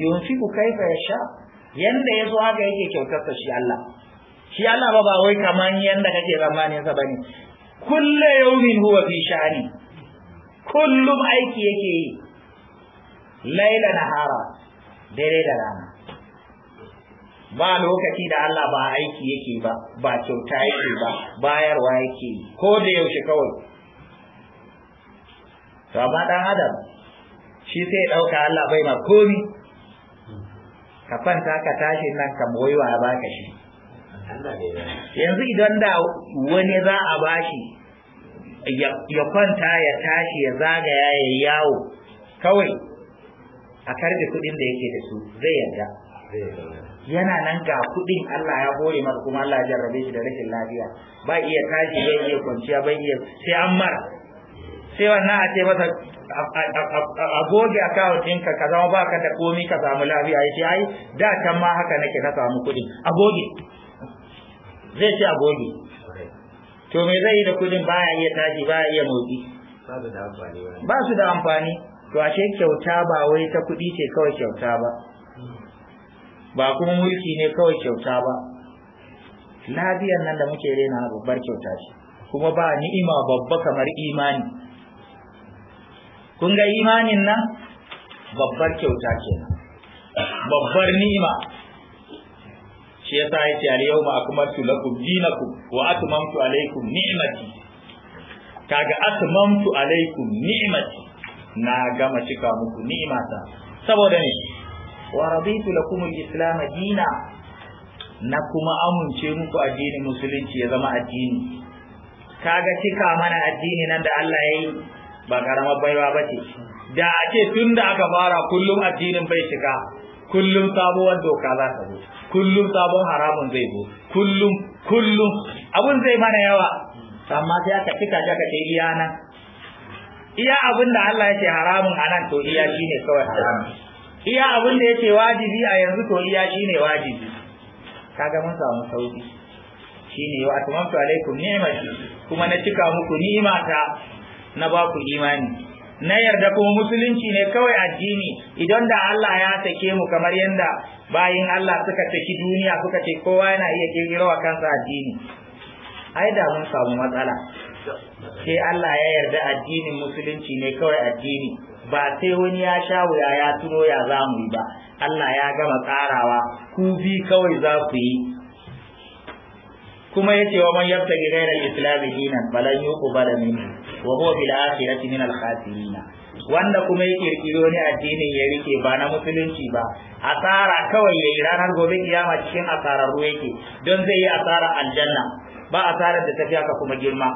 yunfi ku kai ya sha yanda ya zo haka yake kyautarsa shi Allah shi Allah ba ba wai kaman yanda kake zamanin sa bane kullu yawmin huwa fi sha'ani kullum aiki yake yi laila nahara dare da rana ba lokaci da Allah ba aiki yake ba ba kyauta yake ba bayarwa yake ko da yaushe kawai to amma dan adam shi sai dauka Allah bai ma komi ka fanta ka tashi nan ka moyewa ya baka shi yanzu idan da wani za a bashi ya kwanta ya tashi ya zagaya ya yawo kawai a karbe kuɗin da yake da su zai yarda yana nan ga kuɗin Allah ya bore masa kuma Allah ya jarrabe shi da rashin lafiya ba iya tashi bai iya kwanciya ba iya sai an mara sai wannan a ce masa a goge account ɗinka ka zama ba ka da komi ka samu lafiya ya ce ai da can ma haka nake na samu kuɗin a goge zai ce a goge to me zai yi da kuɗin baya iya tashi baya iya motsi ba su da amfani to ashe kyauta ba wai ta kuɗi ce kawai kyauta ba ba kuma mulki ne kawai kyauta ba lafiyar nan da muke rena babbar kyauta ce kuma ba ni'ima babba kamar imani kun ga imanin nan babbar kyauta ce babbar ni'ima shi yasa yace al-yawma akmaltu lakum dinakum wa atmamtu alaykum ni'mati kaga atmamtu alaykum ni'mati na gama cika muku ni'imata saboda ne wa raditu lakum al-islam dina na kuma amince muku addinin musulunci ya zama addini kaga cika mana addini nan da Allah ya yi ba karamar baiwa bace da ake tun da aka fara kullum addinin bai cika kullum sabuwar doka za ta zo kullum sabon haramun zai zo kullum kullum abun zai mana yawa amma sai aka cika shi aka ce iya iya abin da Allah ya ce haramun a nan to iya shi ne kawai haramun iya abin da ya ce wajibi a yanzu to iya shi ne wajibi kaga mun samu sauki shi ne wa atmamtu alaikum ni'mati kuma na cika muku ni'mata na ba ku imani na yarda kuma musulunci ne kawai addini idan da Allah ya sake mu kamar yadda bayin Allah suka saki duniya suka ce kowa yana iya kirkiro kansa addini ai da mun samu matsala sai Allah ya yarda addinin musulunci ne kawai addini ba sai wani ya sha wuya ya tuno ya za mu yi ba Allah ya gama tsarawa ku bi kawai za ku yi kuma yace wa man yabtaghi ghayra al-islam dinan falan bala min wa huwa bil akhirati min al-khasirin wanda kuma yake kirkiro ne addinin ya rike ba na musulunci ba asara kawai yayi ranar gobe kiyama cikin asararru yake don zai yi asarar aljanna ba asarar da tafiya ka kuma girma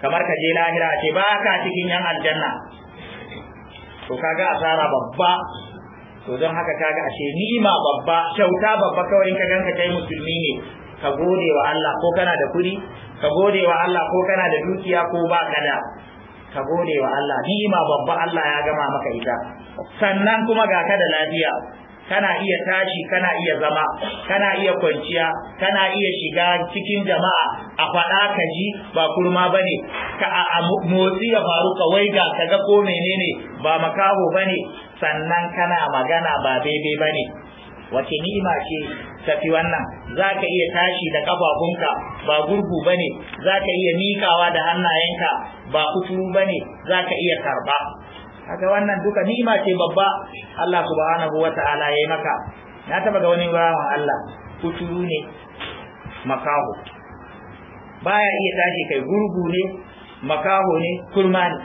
kamar ka je lahira ce ba ka cikin yan aljanna to kaga asara babba to don haka kaga ashe ni'ima babba kyauta babba kawai in ka ganka kai musulmi ne ka gode wa Allah ko kana da kuɗi ka gode wa Allah ko kana da dukiya ko ba ka da. ka gode wa Allah ni'ima babba Allah ya gama maka ita sannan kuma ga ka da lafiya kana iya tashi kana iya zama kana iya kwanciya kana iya shiga cikin jama'a a faɗa ka ji ba kurma bane ka a motsi ya faru ka ga, ka ga ko menene ba makaho bane sannan kana magana ba daidai bane wace ni'ima ce tafi wannan za ka iya tashi da ƙafafunka ba gurgu bane za ka iya mikawa da hannayenka ba kuturu bane za ka iya karba kaga wannan duka ni'ima ce babba Allah subhanahu wata'ala yayi maka na taba ga wani bawan Allah kuturu ne makaho baya iya tashi kai gurgu ne makaho ne kurma ne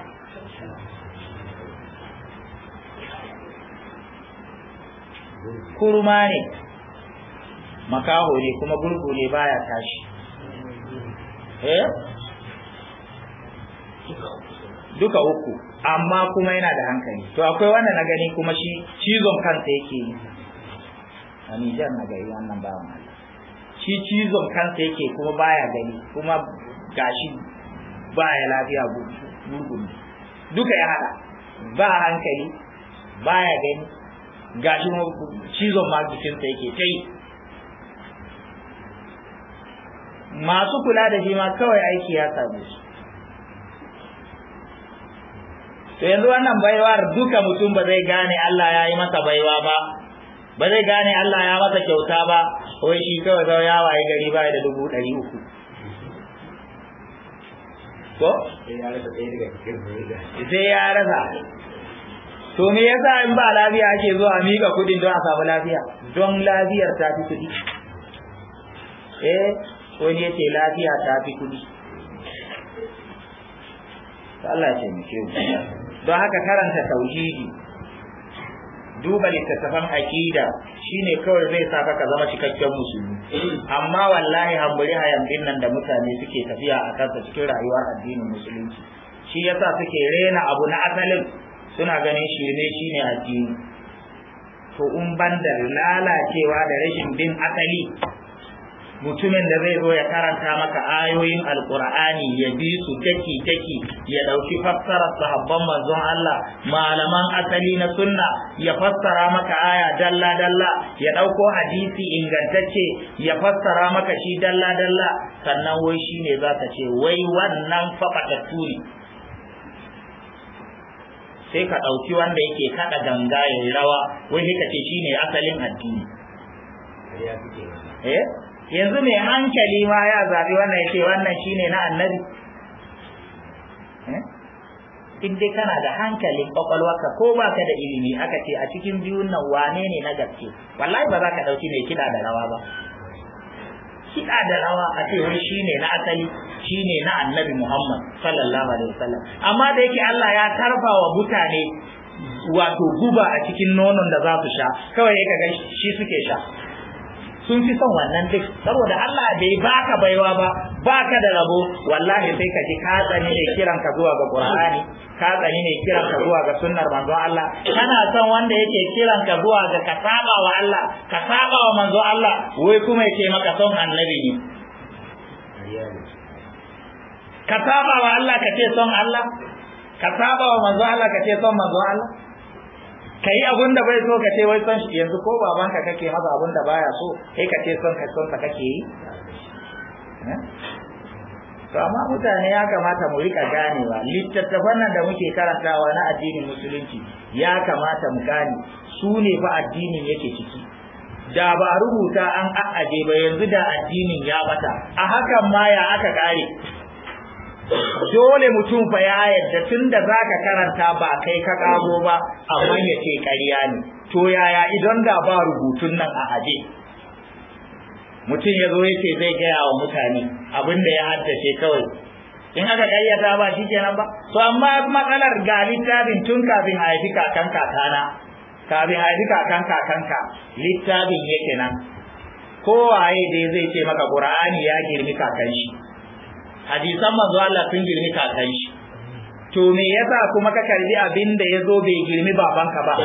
kurma ne makaho ne kuma gurgu ne baya tashi eh duka uku amma kuma yana da hankali to akwai wanda na gani kuma shi cizon kansa yake yi a Nijar na gari wannan ba Allah shi cizon kansa yake kuma baya gani kuma gashi baya lafiya gurgun duka ya hada ba hankali baya gani gashi cizon ma jikinsa yake ta yi masu kula da shi ma kawai aiki ya same su to yanzu wannan baiwar duka mutum ba zai gane Allah ya yi masa baiwa ba ba zai gane Allah ya masa kyauta ba wai shi kawai zai ya waye gari ba da dubu ɗari uku ko sai ya rasa to me yasa in ba lafiya ake zuwa a mika kuɗin don a samu lafiya don lafiyar ta fi kuɗi eh wani yace ce lafiya ta fi kuɗi Allah ya ce mu don haka karanta tauhidi duba littattafan akida shine kawai zai saka ka zama cikakken musulmi amma wallahi hamburi hayambin nan da mutane suke tafiya a kansa cikin rayuwar addinin musulunci shi yasa suke rena abu na asalin suna ganin shi ne shine addini to in ban lalacewa da rashin bin asali mutumin da zai zo ya karanta maka ayoyin alkur'ani ya bi su daki daki ya dauki fassarar sahabban manzon Allah malaman asali na sunna ya fassara maka aya dalla dalla ya dauko hadisi ingantacce ya fassara maka shi dalla dalla sannan wai shine zaka ce wai wannan fa ne sai ka dauki wanda yake kada ganga ya rawa wai sai ce shine asalin addini eh yanzu mai hankali ma ya zabi wannan ya ce wannan shine na annabi eh? in dai kana da hankalin kwakwalwarka ko ba ka da ilimi aka ce a cikin biyun nan wane ne na gaske wallahi ba za ka ɗauki mai kiɗa da rawa ba kiɗa da rawa a ce wai shine na asali shine na annabi muhammad sallallahu alaihi wasallam amma da yake allah ya tarfa wa mutane wato guba a cikin nonon da za su sha kawai ya ga shi suke sha sun fi son wannan duk saboda Allah bai baka baiwa ba baka da rabo wallahi sai ka ji ka tsani ne kiran ka zuwa ga Qur'ani ka tsani ne kiran ka zuwa ga sunnar manzo Allah kana son wanda yake kiran ka zuwa ga ka saba wa Allah ka saba wa manzo Allah wai kuma yake maka son annabi ne ka saba wa Allah ka ce son Allah ka saba wa manzo Allah ka ce son manzo Allah ka yi abin da bai so ka ce wai son shi yanzu ko babanka kake haza abin da baya so sai ka ce son ka son sa kake yi eh? to amma mutane ya kamata mu rika ganewa littattafan nan da muke karantawa na addinin musulunci ya kamata mu gane su ne fa addinin yake ciki da ba rubuta an a'aje ba yanzu da addinin ya bata a hakan ma ya aka kare dole mutum fa ya yadda tunda ka karanta ba kai ka kago ba amma ya ce ƙarya ne to yaya idan da ba rubutun nan a aje mutum ya zo ya ce zai gaya wa mutane abin da ya haddace kawai in aka ƙayyata ba shi kenan ba to amma matsalar ga littafin tun kafin a haifi kakan kakana kafin a haifi kakan kakanka littafin yake nan kowaye dai zai ce maka ƙur'ani ya girmi kakan shi hadisan manzo Allah sun girmi kakan shi to me yasa kuma ka karbi abin da ya zo bai girmi babanka ba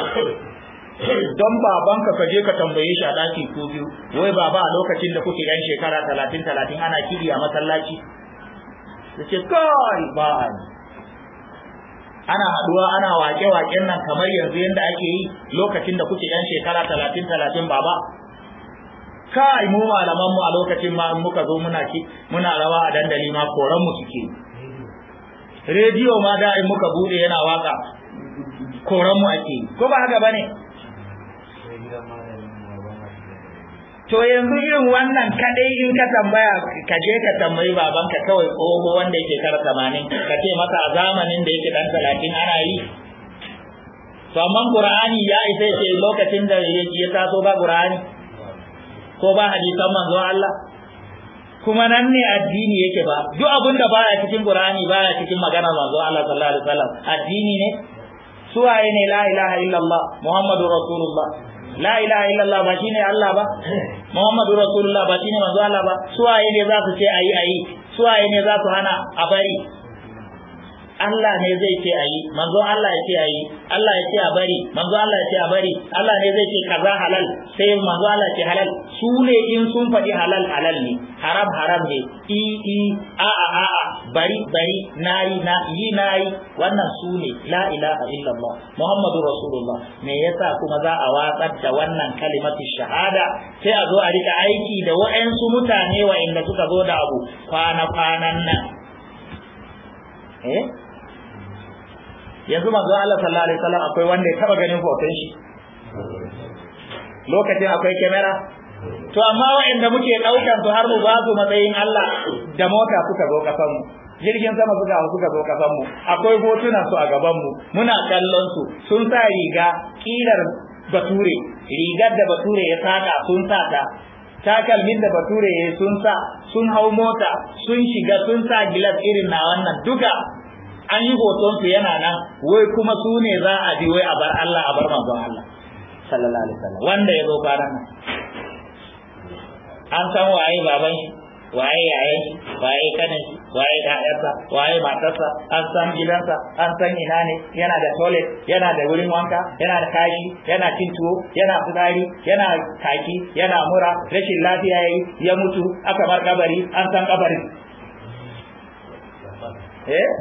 don babanka ka je ka tambaye shi a daki ko biyu wai baba a lokacin da kuke yan shekara talatin talatin ana kidi a masallaci ya ce kai ba ana haɗuwa ana wake-waken nan kamar yanzu yadda ake yi lokacin da kuke yan shekara talatin talatin baba kai mu malaman mu a lokacin ma muka zo muna ki muna rawa a dandali ma koran mu suke rediyo ma da in muka bude yana waka koran mu ake ko ba haka bane to yanzu irin wannan kadai in ka tambaya ka je ka tambayi baban ka kawai tsoho wanda yake kar 80 ka ce masa a zamanin da yake dan 30 ana yi to amma qur'ani ya isa ce lokacin da ya taso ba qur'ani ko ba hadisan manzo Allah kuma nan ne addini yake ba duk abin da baya cikin Qur'ani baya cikin magana manzo Allah sallallahu alaihi wasallam addini ne suwaye ne la ilaha illallah muhammadu rasulullah la ilaha illallah ba shine Allah ba muhammadu rasulullah ba shine manzo Allah ba suwaye ne za su ce ayi ayi suwaye ne za su hana a bari Allah ne zai ce a ayi manzo Allah ya ce a yi, Allah ya ce a bari manzo Allah ya ce a bari Allah ne zai ce kaza halal sai manzo Allah ya ce halal su ne in sun faɗi halal halal ne haram haram ne i i a a a a bari bari yi na yi yi wannan su ne la ilaha illallah Muhammadu rasulullah me yasa kuma za a watsar da wannan kalimatu shahada sai a zo a rika aiki da wa'ansu mutane wa'inda suka zo da abu kwana kwanan nan eh? yanzu manzo Allah sallallahu alaihi wasallam akwai wanda ya taba ganin hoton shi lokacin akwai kamera to amma wa'anda muke daukan su har mu ba su matsayin Allah da mota suka zo kafan mu jirgin sama suka zo suka zo kafan mu akwai hotunan su a gaban mu muna kallon su sun sa riga kilar bature rigar da bature ya saka sun sa ta takalmin da bature sun sa sun hau mota sun shiga sun sa gilas irin na wannan duka an yi hoton su yana nan wai kuma su ne za a bi wai a bar Allah a bar manzon Allah sallallahu alaihi wasallam wanda ya zo fara nan an san waye baban shi waye yayan shi waye kanin shi waye ɗayarsa waye matarsa an san gidansa an san ina ne yana da toilet yana da wurin wanka yana da kashi yana cin tuwo yana fitsari yana kaki yana mura rashin lafiya yayi ya mutu aka bar kabari an san kabarin eh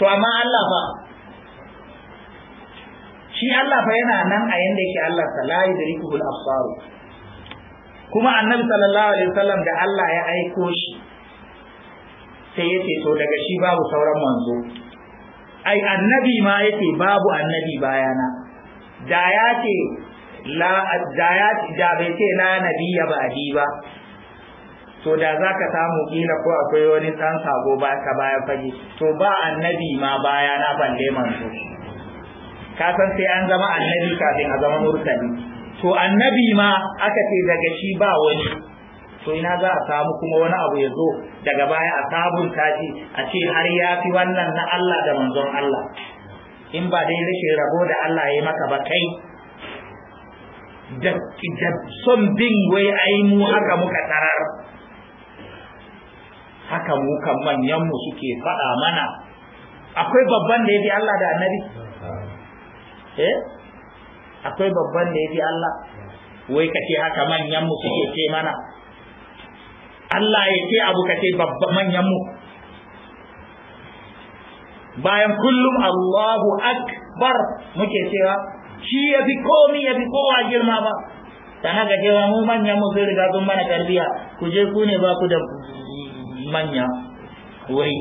to amma Allah fa shi Allah fa yana nan a yanda yake Allah ta la yudrikuhul absar kuma annabi sallallahu alaihi wasallam da Allah ya aiko shi sai yace to daga shi babu sauran manzo ai annabi ma yace babu annabi bayana da ya ce la da ya da bai ce la nabiyya ba ba to da za ka samu kila ko akwai wani ɗan sabo ba ka baya fage to ba annabi ma baya na balle manzo ka san sai an zama annabi kafin a zama murtali to annabi ma aka ce daga shi ba wani to ina za a samu kuma wani abu ya zo daga baya a sabunta shi a ce har ya fi wannan na Allah da manzon Allah in ba dai rashin rabo da Allah ya yi maka ba kai da son bin wai ai mu haka muka tarar haka mu kan manyan mu suke faɗa mana akwai babban da ya fi Allah da annabi eh akwai babban da ya fi Allah wai kace haka manyan mu suke ce mana Allah ya ce abu kace babban manyan mu bayan kullum Allahu akbar muke cewa shi ya fi komi ya fi kowa girma ba ta haka cewa mu manyan mu sun riga sun mana tarbiya ku je ku ne ba ku da manya wuri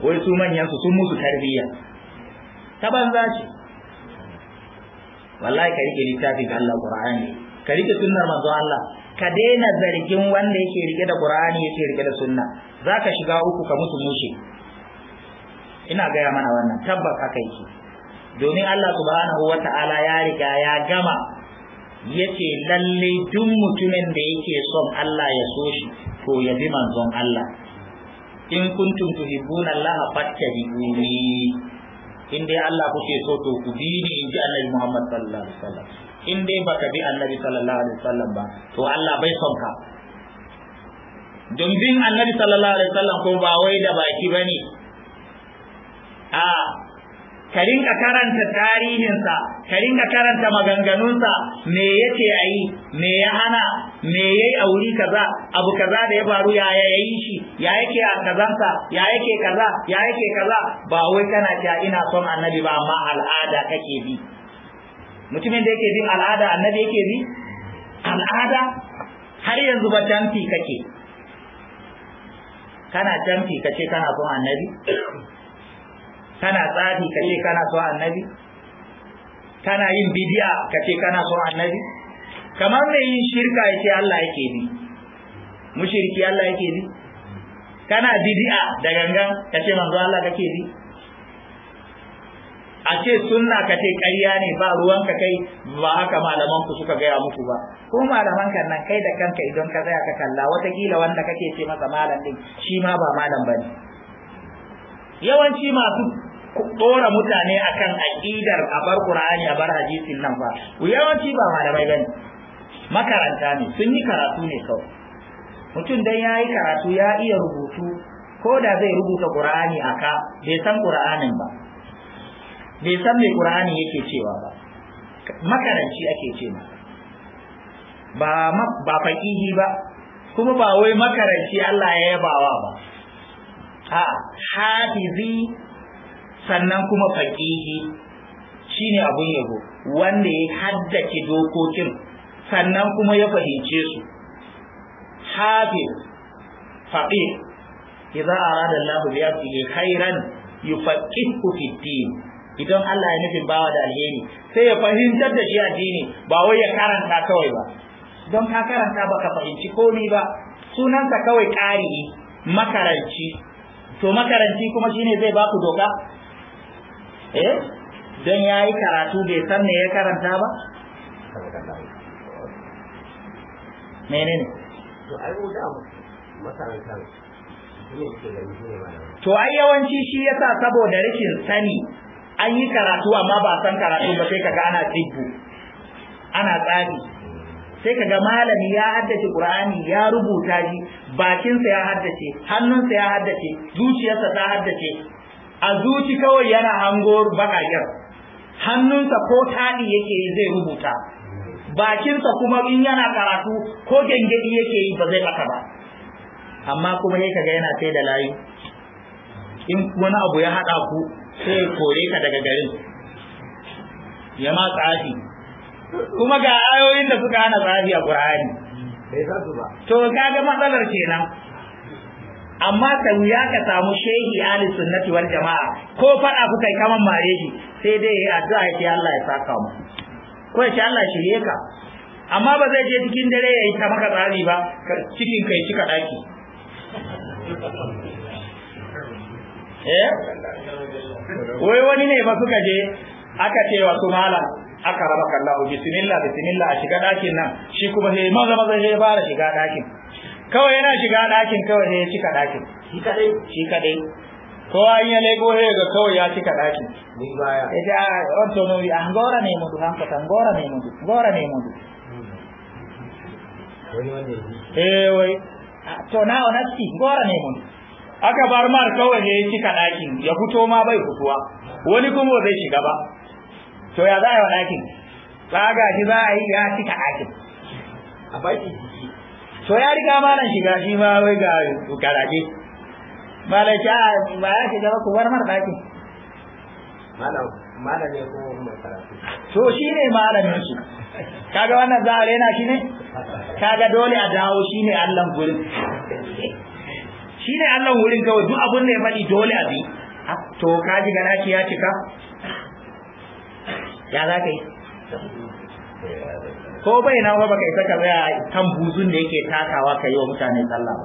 wai su su sun musu tarbiyya ta banza ce wallahi ka rike littafin Allah Qur'ani ka rike sunnar manzon Allah ka daina zargin wanda yake rike da Qur'ani yake rike da sunna zaka shiga uku ka musu mushe ina gaya mana wannan tabbas haka yake domin Allah subhanahu wata'ala ya riga ya gama yace lalle duk mutumin da yake son Allah ya so shi Ko ya bi manzon Allah in kuntum tuhibbuna Allah fattabi'uni in dai Allah kuke so to ku bi ni in ji Annabi Muhammad sallallahu alaihi wasallam in dai baka bi Annabi sallallahu alaihi wasallam ba to Allah bai son ka don bin Annabi sallallahu alaihi wasallam ko ba wai da baki bane a ah, ka rinka karanta tarihinsa ka rinka karanta maganganunsa me a yi? me ya hana me yayi auri kaza abu kaza da ya faru ya yayi shi ya yake a kazansa ya yake kaza ya yake kaza ba wai kana cewa ina son annabi ba amma al'ada kake bi mutumin da yake bin al'ada annabi yake bi al'ada har yanzu ba tamfi kake kana tamfi kace kana son annabi kana tsafi ka ce kana so annabi kana yin bidiya ka ce kana so annabi kamar mai yin shirka ya ce Allah yake bi mushriki Allah yake bi kana bidiya da gangan ka ce manzo Allah kake bi a ce sunna ka ce ƙarya ne ba ruwanka kai ba haka malaman ku suka gaya muku ba ko malaman ka nan kai da kanka idan ka zaya ka kalla watakila wanda kake ce masa malam din shi ma ba malam bane yawanci masu Ku dora mutane akan aqidar a bar Qur'ani a bar hadisin nan ba yawanci ba malamai bane makaranta ne sun yi karatu ne kawai mutum dai ya yi karatu ya iya rubutu ko da zai rubuta Qur'ani aka bai san Qur'anin ba bai san me Qur'ani yake cewa ba makaranci ake ce ba ba faƙihi ba kuma ba wai makaranci Allah ya yabawa ba a hafizi sannan kuma faƙihi shine abun yabo wanda ya haddace dokokin sannan kuma ya fahimce su hafi faƙi idza arada Allah bi abdihi ya yufaqihu ku, din idan Allah ya nufin bawa da alheri sai ya fahimtar da shi a addini ba wai ya karanta kawai ba don ka karanta baka fahimci komi ba sunansa kawai ƙari makaranci to makaranci kuma shine zai baku doka eh don ya yi karatu bai san me ya karanta ba mene ne to ai yawanci shi sa saboda rikin sani an yi karatu amma ba san karatu ba sai kaga ana tsibbu ana tsari sai kaga malami ya haddace qur'ani ya rubuta shi bakinsa ya haddace hannunsa ya haddace zuciyarsa ta haddace a zuci kawai yana hango baƙaƙen hannunsa ko taɗi yake yi zai rubuta bakinsa kuma in yana karatu ko gyangyaɗi yake yi ba zai ɓata ba amma kuma ya kaga yana sai da layi in wani abu ya haɗa ku sai ya kore ka daga garin ya ma tsafi kuma ga ayoyin da suka hana tsafi a ƙur'ani to kaga matsalar kenan amma ta wuya ka samu shehi ahli sunnati wal jama'a ko fada kuka yi kaman mare shi sai dai ya addu'a ya ce Allah ya saka mu ko ya ce Allah shirye ka amma ba zai je cikin dare ya yi ta maka tsari ba cikin kai cika daki eh wai wani ne ba suka je aka ce wa su aka raba kallahu bismillah bismillah a shiga dakin nan shi kuma sai maza maza sai fara shiga dakin kawai yana shiga ɗakin kawai ne ya cika ɗakin shi kadai shi kadai kowa in ya lego he ga kawai ya cika ɗakin ni baya ita wato no ya ah, ngora ah, ne mu han ka ngora ne mu ngora ne mu eh wai ah, to na onasti ngora ne mu aka bar mar kawai ne ya cika ɗakin ya fito ma bai fituwa wani kuma zai shiga ba to ya za a yi wa ɗakin tsaga shi za a yi ya cika ɗakin a baki to ya riga malam shiga shi ma wai ga karaje malam ki a ah, ba ya shiga ku bar mar daki malam malam ya ko mai karatu to shine malamin su kaga wannan za a rena shi ne kaga dole a dawo shi ne Allah gurin ne Allah gurin kawai duk abun da ya faɗi dole a bi ah, to kaji garaki ya cika ya za ka yi eh, ko bai nan ba baka isa ka tsaya kan buzun da yake takawa ka yi wa mutane sallah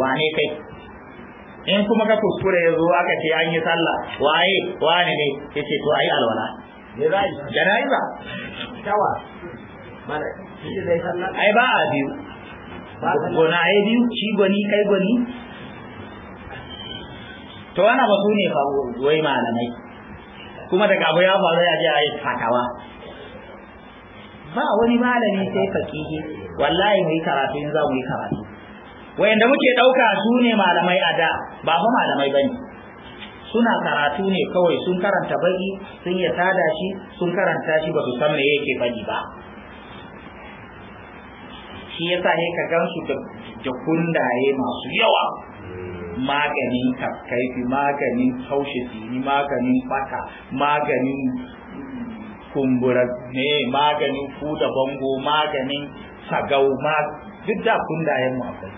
wane kai in kuma ka kuskure ya zo aka ce an yi sallah waye wane ne ya ce to yi alwala jana'iza shawa ai ba a biyu gona ai biyu shi gwani kai gwani to wannan ba su ne fa wai malamai kuma daga abu ya faru ya je a yi takawa ba wani malami sai faqihi wallahi mu yi karatu in za mu yi karatu wayanda muke dauka su ne malamai a da ba fa malamai bane suna karatu ne kawai sun karanta baki sun ya tada shi sun karanta shi ba su san me yake bani ba shi yasa ne ka gansu da kundaye masu yawa maganin kafkaifi maganin taushe ni maganin baka maganin kumbura ne maganin fuda bango maganin sagau ma duk da kundayen mu akwai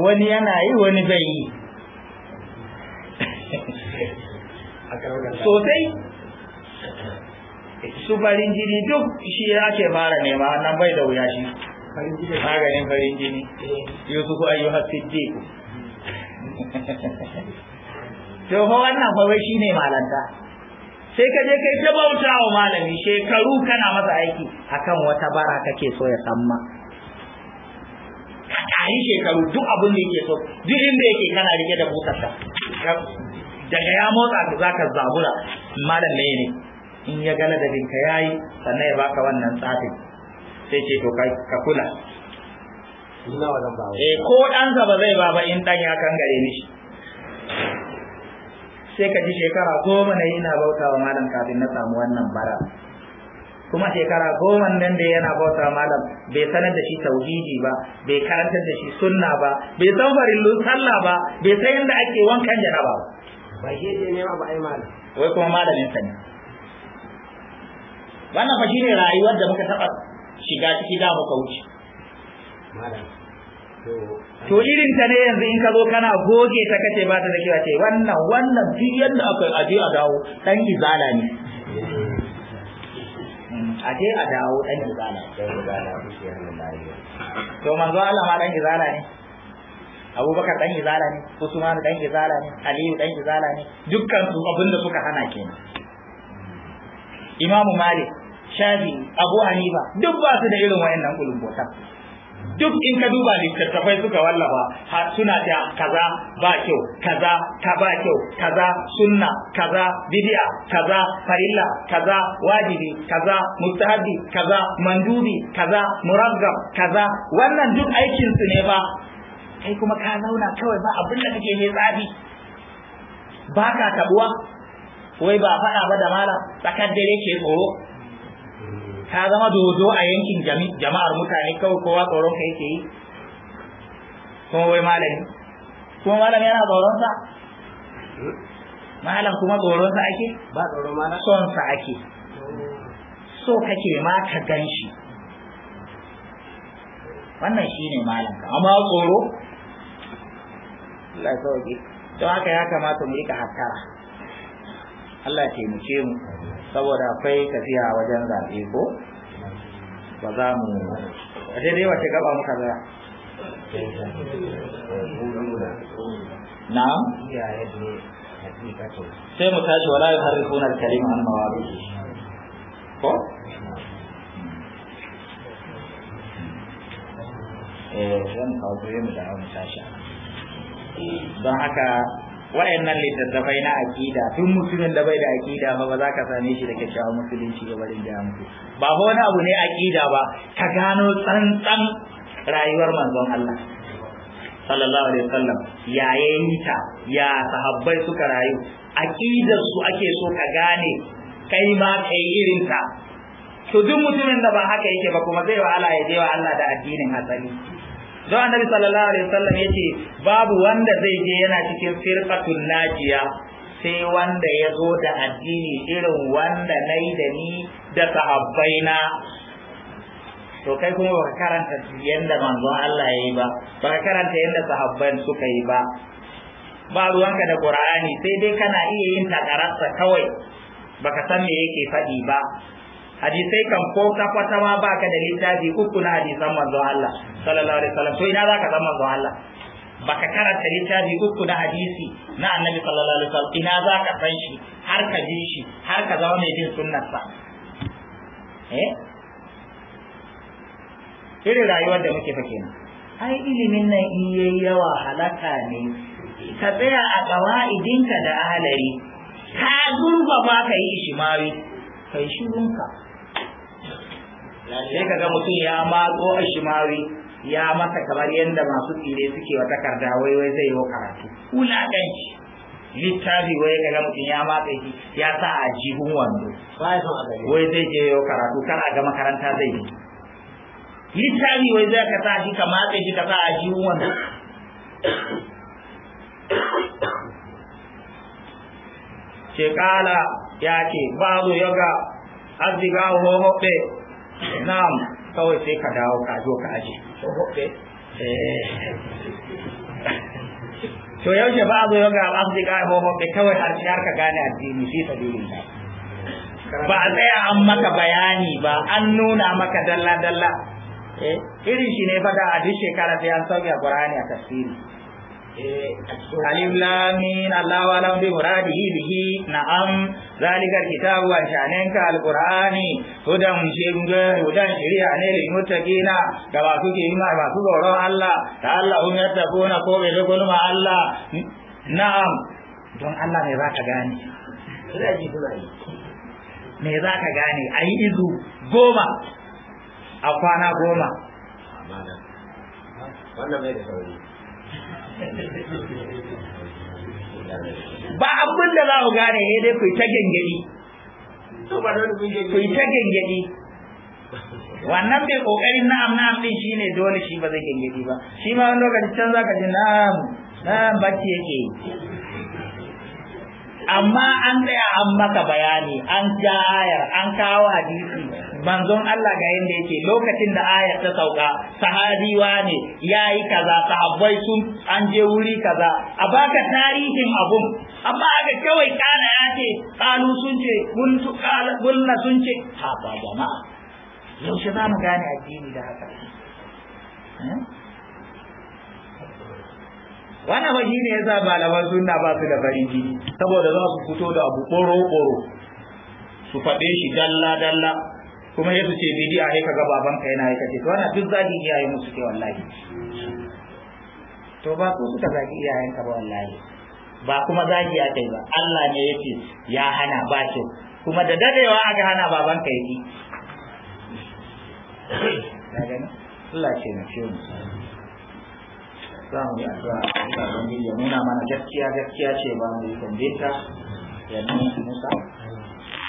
wani yana yi wani bai yi sosai su farin jini duk shi ke fara nema nan bai da wuya shi maganin farin jini eh. yusufu ayyu siddiq to fa wannan fa wai shine malanta sai ka je kai ta bauta wa malami shekaru kana masa aiki akan wata bara kake so ya samma a yi shekaru duk abin da yake so duk inda yake kana rike da butarsa daga ya motsa ka zaka zabura malam ne ne in ya gala da binka yi sannan ya baka wannan tsafin sai ce to ka kula eh, ko ɗansa ba zai ba ba in ɗan ya kangare mishi sai ka ji shekara goma na na bauta wa malam kafin na samu wannan bara kuma shekara goma nan da yana bauta malam bai sanar da shi tauhidi ba bai karantar da shi sunna ba bai san farillun sallah ba bai san yadda ake wankan jaraba. ba ba shi ne ma ba ai malam wai kuma malamin sa ne wannan fa shine rayuwar da muka taba shiga ciki da muka wuce malam to irin ta ne yanzu in ka zo kana goge ta kace ba ta da kiwa ce wannan wannan duk yadda aka aje a dawo dan izala ne aje a dawo dan izala to manzo Allah ma dan izala ne Abubakar dan izala ne Usman dan izala ne Aliyu dan izala ne dukkan su abinda suka hana kenan Imam Malik Shafi Abu Hanifa duk ba su da irin wayannan kulun duk in ka duba littattafai suka wallafa suna da kaza ba kyau kaza ta ba kyau kaza sunna kaza bid'a kaza farilla kaza wajibi kaza mustahabi kaza mandubi kaza muraggab kaza wannan duk aikin su ne ba kai kuma ka zauna kawai ba abin da kake mai tsafi ba ka tabuwa wai ba faɗa ba da malam tsakar dare ke tsoro ka zama dodo a yankin jama'ar mutane kawai kowa tsoron ka yake yi kuma wai malami kuma malami yana tsoron sa malam kuma tsoron sa ake ba tsoron malam son sa ake so kake ma ka ganshi wannan shine malam ka amma tsoro Allah sauke To haka ya kamata mu yi ka hattara Allah ya taimake mu saboda akwai tafiya wajen zaɓe ko ba za mu a dai wace gaba muka zaya na'am sai mu tashi wala ya kuna da kalima an mawabi ko eh zan kawo mu da mu tashi don haka wayannan littattafai na akida tun mutumin da bai da akida ba ba za ka same shi da kyakkyawan musulunci ga barin da ba wani abu ne akida ba ka gano tsantsan rayuwar manzon Allah sallallahu alaihi wasallam ya yayi ta ya sahabbai suka rayu akidar su ake so ka gane kai ma kai irin ta to duk mutumin da ba haka yake ba kuma zai wahala ya je wa Allah da addinin hatsari don annabi sallallahu alaihi wasallam yace babu wanda zai je yana cikin firqatul najiya sai wanda ya zo da addini irin wanda nayi da ni da sahabbaina to kai kuma baka karanta yadda manzo Allah yayi yi ba baka karanta yadda sahabban suka yi ba ba ruwanka da Qur'ani sai dai kana iya yin takararsa kawai baka san me yake faɗi ba hadisai kan kwata kwata ma baka da littafi uku na hadisan manzo Allah sallallahu alaihi wasallam to ina zaka zama manzo Allah baka karanta littafi uku na hadisi na annabi sallallahu alaihi wasallam ina zaka san shi har ka ji shi har ka zama mai bin sa eh irin rayuwar da muke fake ne ai ilimin nan in yayi yawa halaka ne ka tsaya a idinka da ahalari ka zurba ba ka yi mawi kai shirunka sai ga mutum ya matso a shimawi ya masa kamar yadda masu tsire suke wa takarda wai wai zai yi karatu wulaƙanci littafi wai ga mutum ya matsa shi ya sa a jihun wando wai zai je yau karatu kar a ga makaranta zai yi littafi wai zai ka sa shi ka matsa shi ka sa a jihun wando ce kala ya ce zo yaga azziga hohoɓe na'am kawai sai ka dawo ka zo ka aje to yaushe ba a zo yau ga asli ka ho ho kawai har har ka gane addini fi sabilillah ba a tsaya an maka bayani ba an nuna maka dalla dalla eh irin shi ne fa da a duk shekara sai an sauke Qur'ani a tafsiri alif lam min Allahu alam bi muradihi bihi na'am zalika alkitabu wa shanenka alqur'ani hudan shirga hudan shiriya ne lil muttaqina da ba kuke yi ma ba su goro Allah da Allah ta kona ko bai ko ma Allah na'am don Allah ne za ka gane me za ka gane Ayi izu goma a kwana goma wannan mai da sauri ba abin da za ku gane ne dai ku yi ta gengedi ku yi ta gengedi wannan bai kokarin na'am na'am din ne dole shi ba zai gengedi ba shi ma wani lokaci can zaka ji na'am na'am bacci yake amma an tsaya an maka bayani an ja ayar an kawo hadisi manzon Allah ga yanda yake lokacin da ayar ta sauka sahabiwa ne yayi kaza sahabbai sun an je wuri kaza a baka tarihin abun amma aka kawai kana ya ce kalu sun ce gunna sun ce ha ba jama'a yaushe za mu gane addini da haka eh? wannan ne ya yasa malaman sunna ba su da farin jini saboda za su fito da abu ɓoro-ɓoro su faɗe shi dalla dalla kuma ya su ce ne ya kaga baban ka yana yaka to ana duk zagi iyayen musu ke wallahi to ba ku suka zagi iyayen ka ba wallahi ba kuma zagi ya kai ba Allah ne yake ya hana ba ce kuma da dadewa aka hana baban ka yi Allah ke na ce mu za mu yi addu'a ga ya nuna mana gaskiya gaskiya ce ba mu yi tambayta ya nuna musa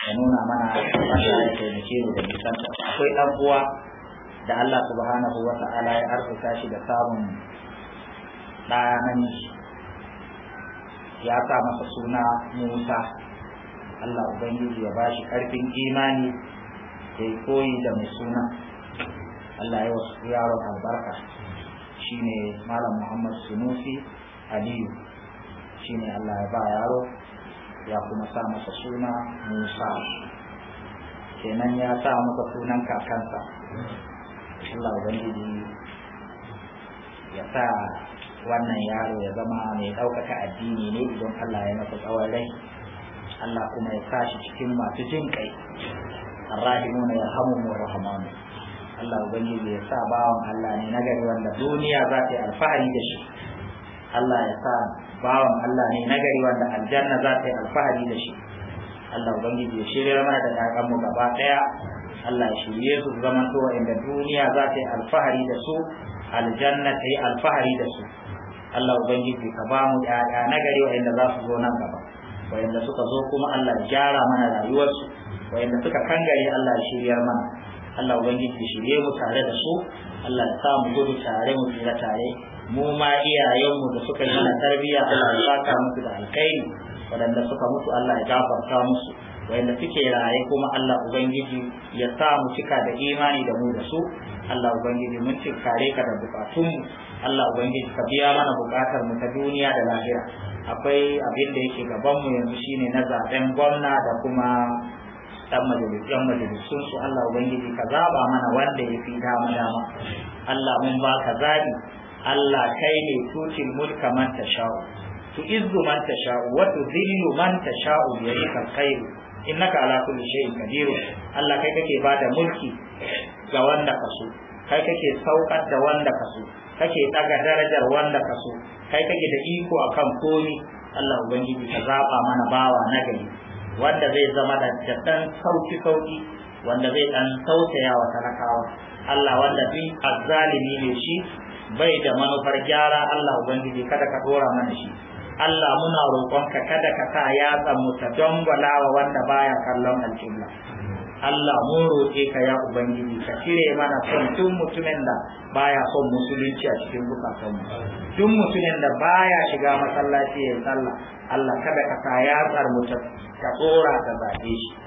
ya nuna mana Allah ya taimake mu da nisan akwai dan uwa da Allah subhanahu wa ta'ala ya arzuta shi da samun ɗa namiji ya sa masa suna Musa Allah ubangiji ya bashi karfin imani da koyi da mai suna Allah ya wasu yaron albarka shine Malam Muhammad Sunusi Aliyu shine Allah ya ba yaro ya kuma sa masa suna musa kenan ya sa masa sunan kakansa Allah Ubangiji ya sa wannan yaro ya zama mai ɗaukaka addini ne idan Allah ya masa tsawon rai Allah kuma ya sa shi cikin masu jin kai arrahimuna ya hamu mu rahamanu Allah Ubangiji ya sa bawan Allah ne na gari wanda duniya za ta yi alfahari da shi Allah ya sa bawan Allah ne nagari wanda aljanna za ta yi alfahari da shi Allah ubangiji ya shirya mana da ƴaƴan mu gaba ɗaya Allah ya shirye su zama to inda duniya za ta yi alfahari da su aljanna ta yi alfahari da su Allah ubangiji ka ba mu ƴaƴa nagari wanda za su zo nan gaba wanda suka zo kuma Allah ya gyara mana rayuwarsu wanda suka kangare Allah ya shirya mana Allah ubangiji ya shirye mu tare da su Allah ya sa mu gudu tare mu tsira tare mu ma iyayenmu da suka yi mana tarbiyya Allah ya saka musu da alkhairi waɗanda suka mutu Allah ya gafarta musu wanda suke raye kuma Allah Ubangiji ya sa mu cika da imani da mu da su Allah Ubangiji mun kare ka da bukatunmu Allah Ubangiji ka biya mana bukatar mu ta duniya da lahira akwai abin da yake gaban mu yanzu shine na zaben gwamna da kuma dan majalisun majalisun su Allah Ubangiji ka zaba mana wanda ya fi dama dama Allah mun ba ka zabi Allah kai ne tutin mulka man tasha'u tu'izzu man tasha'u wa tudhillu man tasha'u bi yadika alkhair innaka ala kulli shay'in qadir Allah kai kake bada mulki ga wanda ka so kai kake saukar da wanda ka so kake daga darajar wanda ka so kai kake da iko akan komi Allah ubangiji ka zaba mana bawa na gari wanda zai zama da dan sauki sauki wanda zai dan sautaya wa talakawa Allah wanda duk azzalimi ne shi bai da manufar gyara Allah ubangiji kada ka dora mana shi Allah muna roƙonka kada ka sa ya mu ta dangwala wa wanda baya kallon alƙibla Allah mun roƙe ka ya ubangiji ka cire mana son tun mutumin da baya son musulunci a cikin mu. tun mutumin da baya shiga masallaci ya sallah Allah kada ka sa yatsar mu ta ka ta zaɓe shi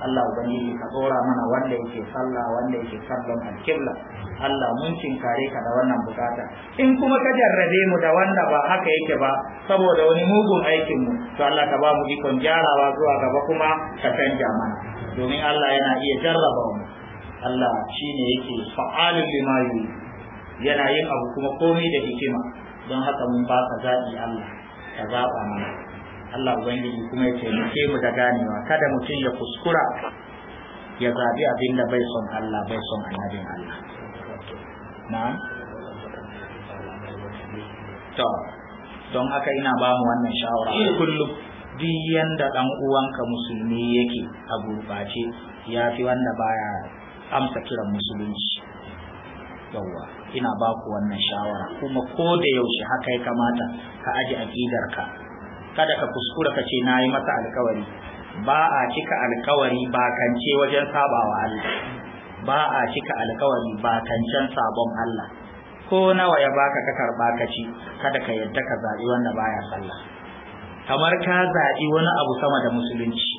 Allah ubangiji ka tsora mana wanda yake sallah wanda yake sallan alkibla Allah mun kinkare ka da wannan bukata in kuma ka jarrabe mu da wanda ba haka yake ba saboda wani mugun aikin mu to Allah ka ba mu ikon gyarawa zuwa gaba kuma ka canja mana domin Allah yana iya jarraba mu Allah shine yake fa'alul lima yana yin abu kuma komai da hikima don haka mun ba ka zaɓi Allah ka zaɓa mana Allah ubangiji kuma ya taimake mu da ganewa kada mutum ya kuskura ya zabi abin da bai son Allah bai son annabin Allah na to don haka ina ba mu wannan shawara kullum duk yanda ɗan uwanka musulmi yake a gurbace ya fi wanda baya amsa kiran musulunci yawwa ina ba ku wannan shawara kuma ko da yaushe haka ya kamata ka aji aƙidarka kada ka kuskura ka ce na yi masa alkawari ba a cika alkawari kance wajen sabawa Allah ba a cika alkawari kancan sabon Allah ko nawa ya baka ka karba ka ci kada ka yadda ka zaɓi wanda baya sallah kamar ka zaɓi wani abu sama da musulunci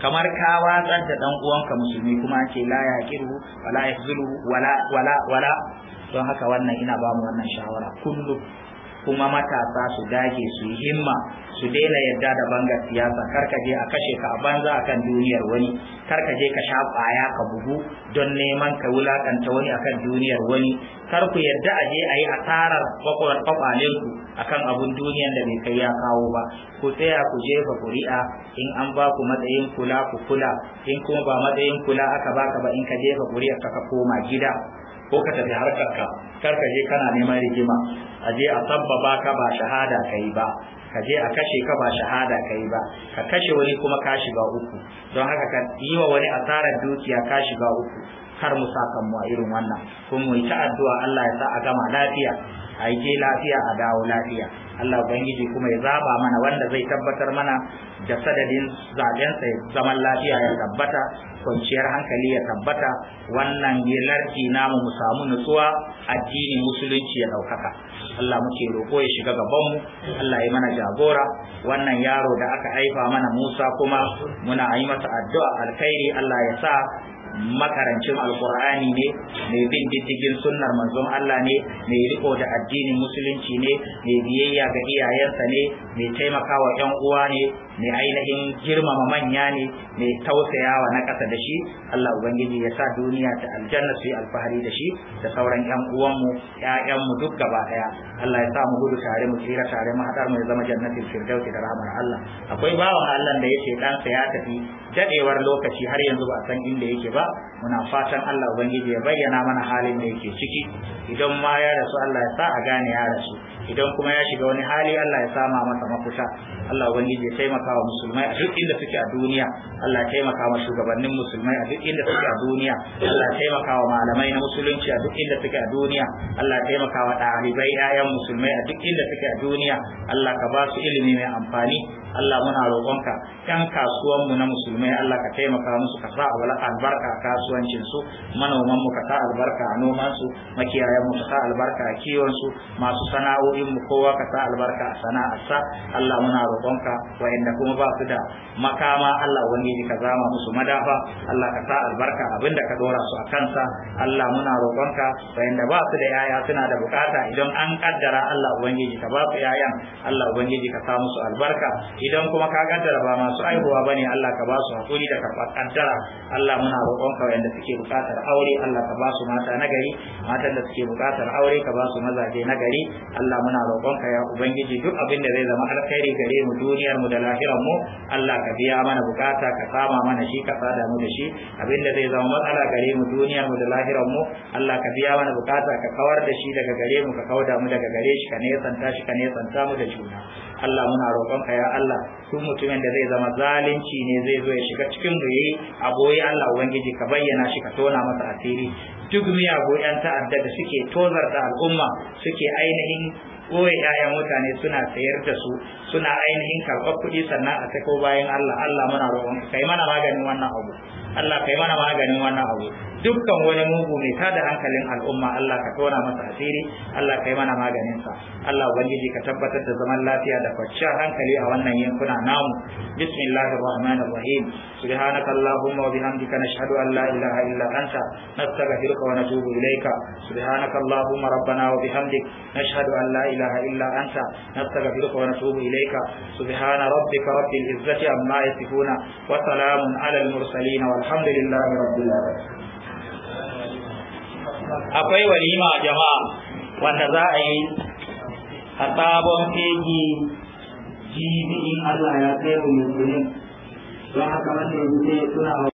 kamar ka watsar da dan uwanka musulmi kuma ke la yaqiru wala yazulu wala wala wala don haka wannan ina ba mu wannan shawara kullum kuma matasa su dage su yi himma su daina yadda da bangar siyasa Kar ka je a kashe ka a banza a kan duniyar wani Kar ka je ka sha ƙwaya ka bugu don neman ka wulakanta wani akan duniyar wani kar ku yarda a je a yi asarar kwakwalen ku kan abun duniyar da bai kai ya kawo ba ku tsaya ku jefa ƙuri'a in an ba ku matsayin kula ku kula in kuma ba matsayin kula aka baka ba in ka jefa kuri'a ka koma gida ko ka tafi harkar ka kar ka je kana neman rigima a je a sabbaba ka ba shahada kai yi ba ka je a kashe ka ba shahada kai ba ka kashe wani kuma ka shiga uku don haka ka yi wa wani asarar dukiya ka shiga uku kar mu sa a irin wannan Kun mu yi ta addu'a Allah ya sa a gama lafiya a yi lafiya a dawo lafiya Allah Ubangiji kuma ya zaba mana wanda zai tabbatar mana da sadadin zabensa ya zaman lafiya ya tabbata kwanciyar hankali ya tabbata wannan larki namu mu samu nutsuwa addinin musulunci ya ɗaukaka Allah muke roƙo ya shiga gabanmu Allah ya mana jagora wannan yaro da aka haifa mana Musa kuma muna yi masa addu'a alkhairi Allah ya sa makarancin alkur'ani ne mai bin diddigin sunnar manzon Allah ne mai riko da addinin musulunci ne mai biyayya ga iyayensa ne mai taimakawa 'yan uwa ne mai ainihin girmama manya ne mai tausayawa na ƙasa da shi Allah ubangiji ya sa duniya ta aljanna su yi alfahari da shi da sauran ƴan uwanmu ƴaƴanmu duk gaba ɗaya Allah ya sa mu gudu tare mu tsira tare mu haɗar mu ya zama jannatin firdausi da rahmar Allah akwai bawan Allah da yake ɗansa ya tafi Daɗewar lokaci har yanzu ba san inda yake ba muna fatan Allah ubangiji ya bayyana mana halin da yake ciki idan ma ya rasu Allah ya sa a gane ya rasu idan kuma ya shiga wani hali Allah ya sama masa mafuta Allah ubangiji ya taimaka wa musulmai a duk inda suke a duniya Allah ya taimaka wa shugabannin musulmai a duk inda suke a duniya Allah ya taimaka wa malamai na musulunci a duk inda suke a duniya Allah ya taimaka wa ɗalibai 'ya'yan musulmai a duk inda suke a duniya Allah ka ba su ilimi mai amfani Allah muna roƙonka ƴan kasuwan mu na musulmai Allah ka taimaka musu ka sa albarka a kasuwancin su manoman mu ka sa albarka a noman su makiyayan mu ka sa albarka a kiwon su masu sana'o'in mu kowa ka sa albarka a sana'arsa Allah muna roƙonka wa'inda kuma ba su da makama Allah ubangiji ka zama musu madafa Allah ka sa albarka abinda ka dora su a kansa Allah muna roƙonka wa'inda ba su da yaya suna da bukata idan an kaddara Allah ubangiji ka ba su yayan Allah ubangiji ka sa musu albarka idan kuma ka kaddara ba masu aihuwa bane Allah ka ba su hakuri da karɓar kaddara Allah muna roƙon ka wanda suke buƙatar aure Allah ka ba su mata na gari matan da suke buƙatar aure ka ba su mazaje na gari Allah muna roƙon ka ya ubangiji duk abin da zai zama alkhairi gare mu duniyar mu da lahirar mu Allah ka biya mana bukata ka kama mana shi ka sada mu da shi abin da zai zama matsala gare mu duniyar mu da lahirar mu Allah ka biya mana bukata ka kawar da shi daga gare mu ka kauda mu daga gare shi ka nesanta shi ka nesanta mu da juna Allah muna ka ya Allah tun mutumin da zai zama zalunci ne zai zo ya shiga cikin mu a boye Allah ubangiji ka bayyana shi ka tona masa asiri duk miyagu yan ta'adda da suke tozar da al'umma suke ainihin koya ‘ya'yan mutane suna sayar da su suna ainihin karɓar kuɗi sannan a sako bayan Allah Allah muna roƙon kai mana maganin wannan abu Allah kai mana maganin wannan abu dukkan wani mugu mai tada hankalin al'umma Allah ka tona masa asiri Allah ka yi mana maganin sa Allah ubangiji ka tabbatar da zaman lafiya da kwanciyar hankali a wannan yankuna namu bismillahir rahmanir rahim subhanaka allahumma wa bihamdika nashhadu an la ilaha illa anta nastaghfiruka wa natubu ilayka subhanaka allahumma rabbana wa bihamdik nashhadu an la ilaha illa anta nastaghfiruka wa natubu ilayka subhana rabbika rabbil izzati amma yasifuna wa salamun ala al mursalin والحمد لله رب العالمين akwai walima jama'a wanda za a yi a sabon fegi jibi in Allah ya kai mu musulmi don haka wanda ya suna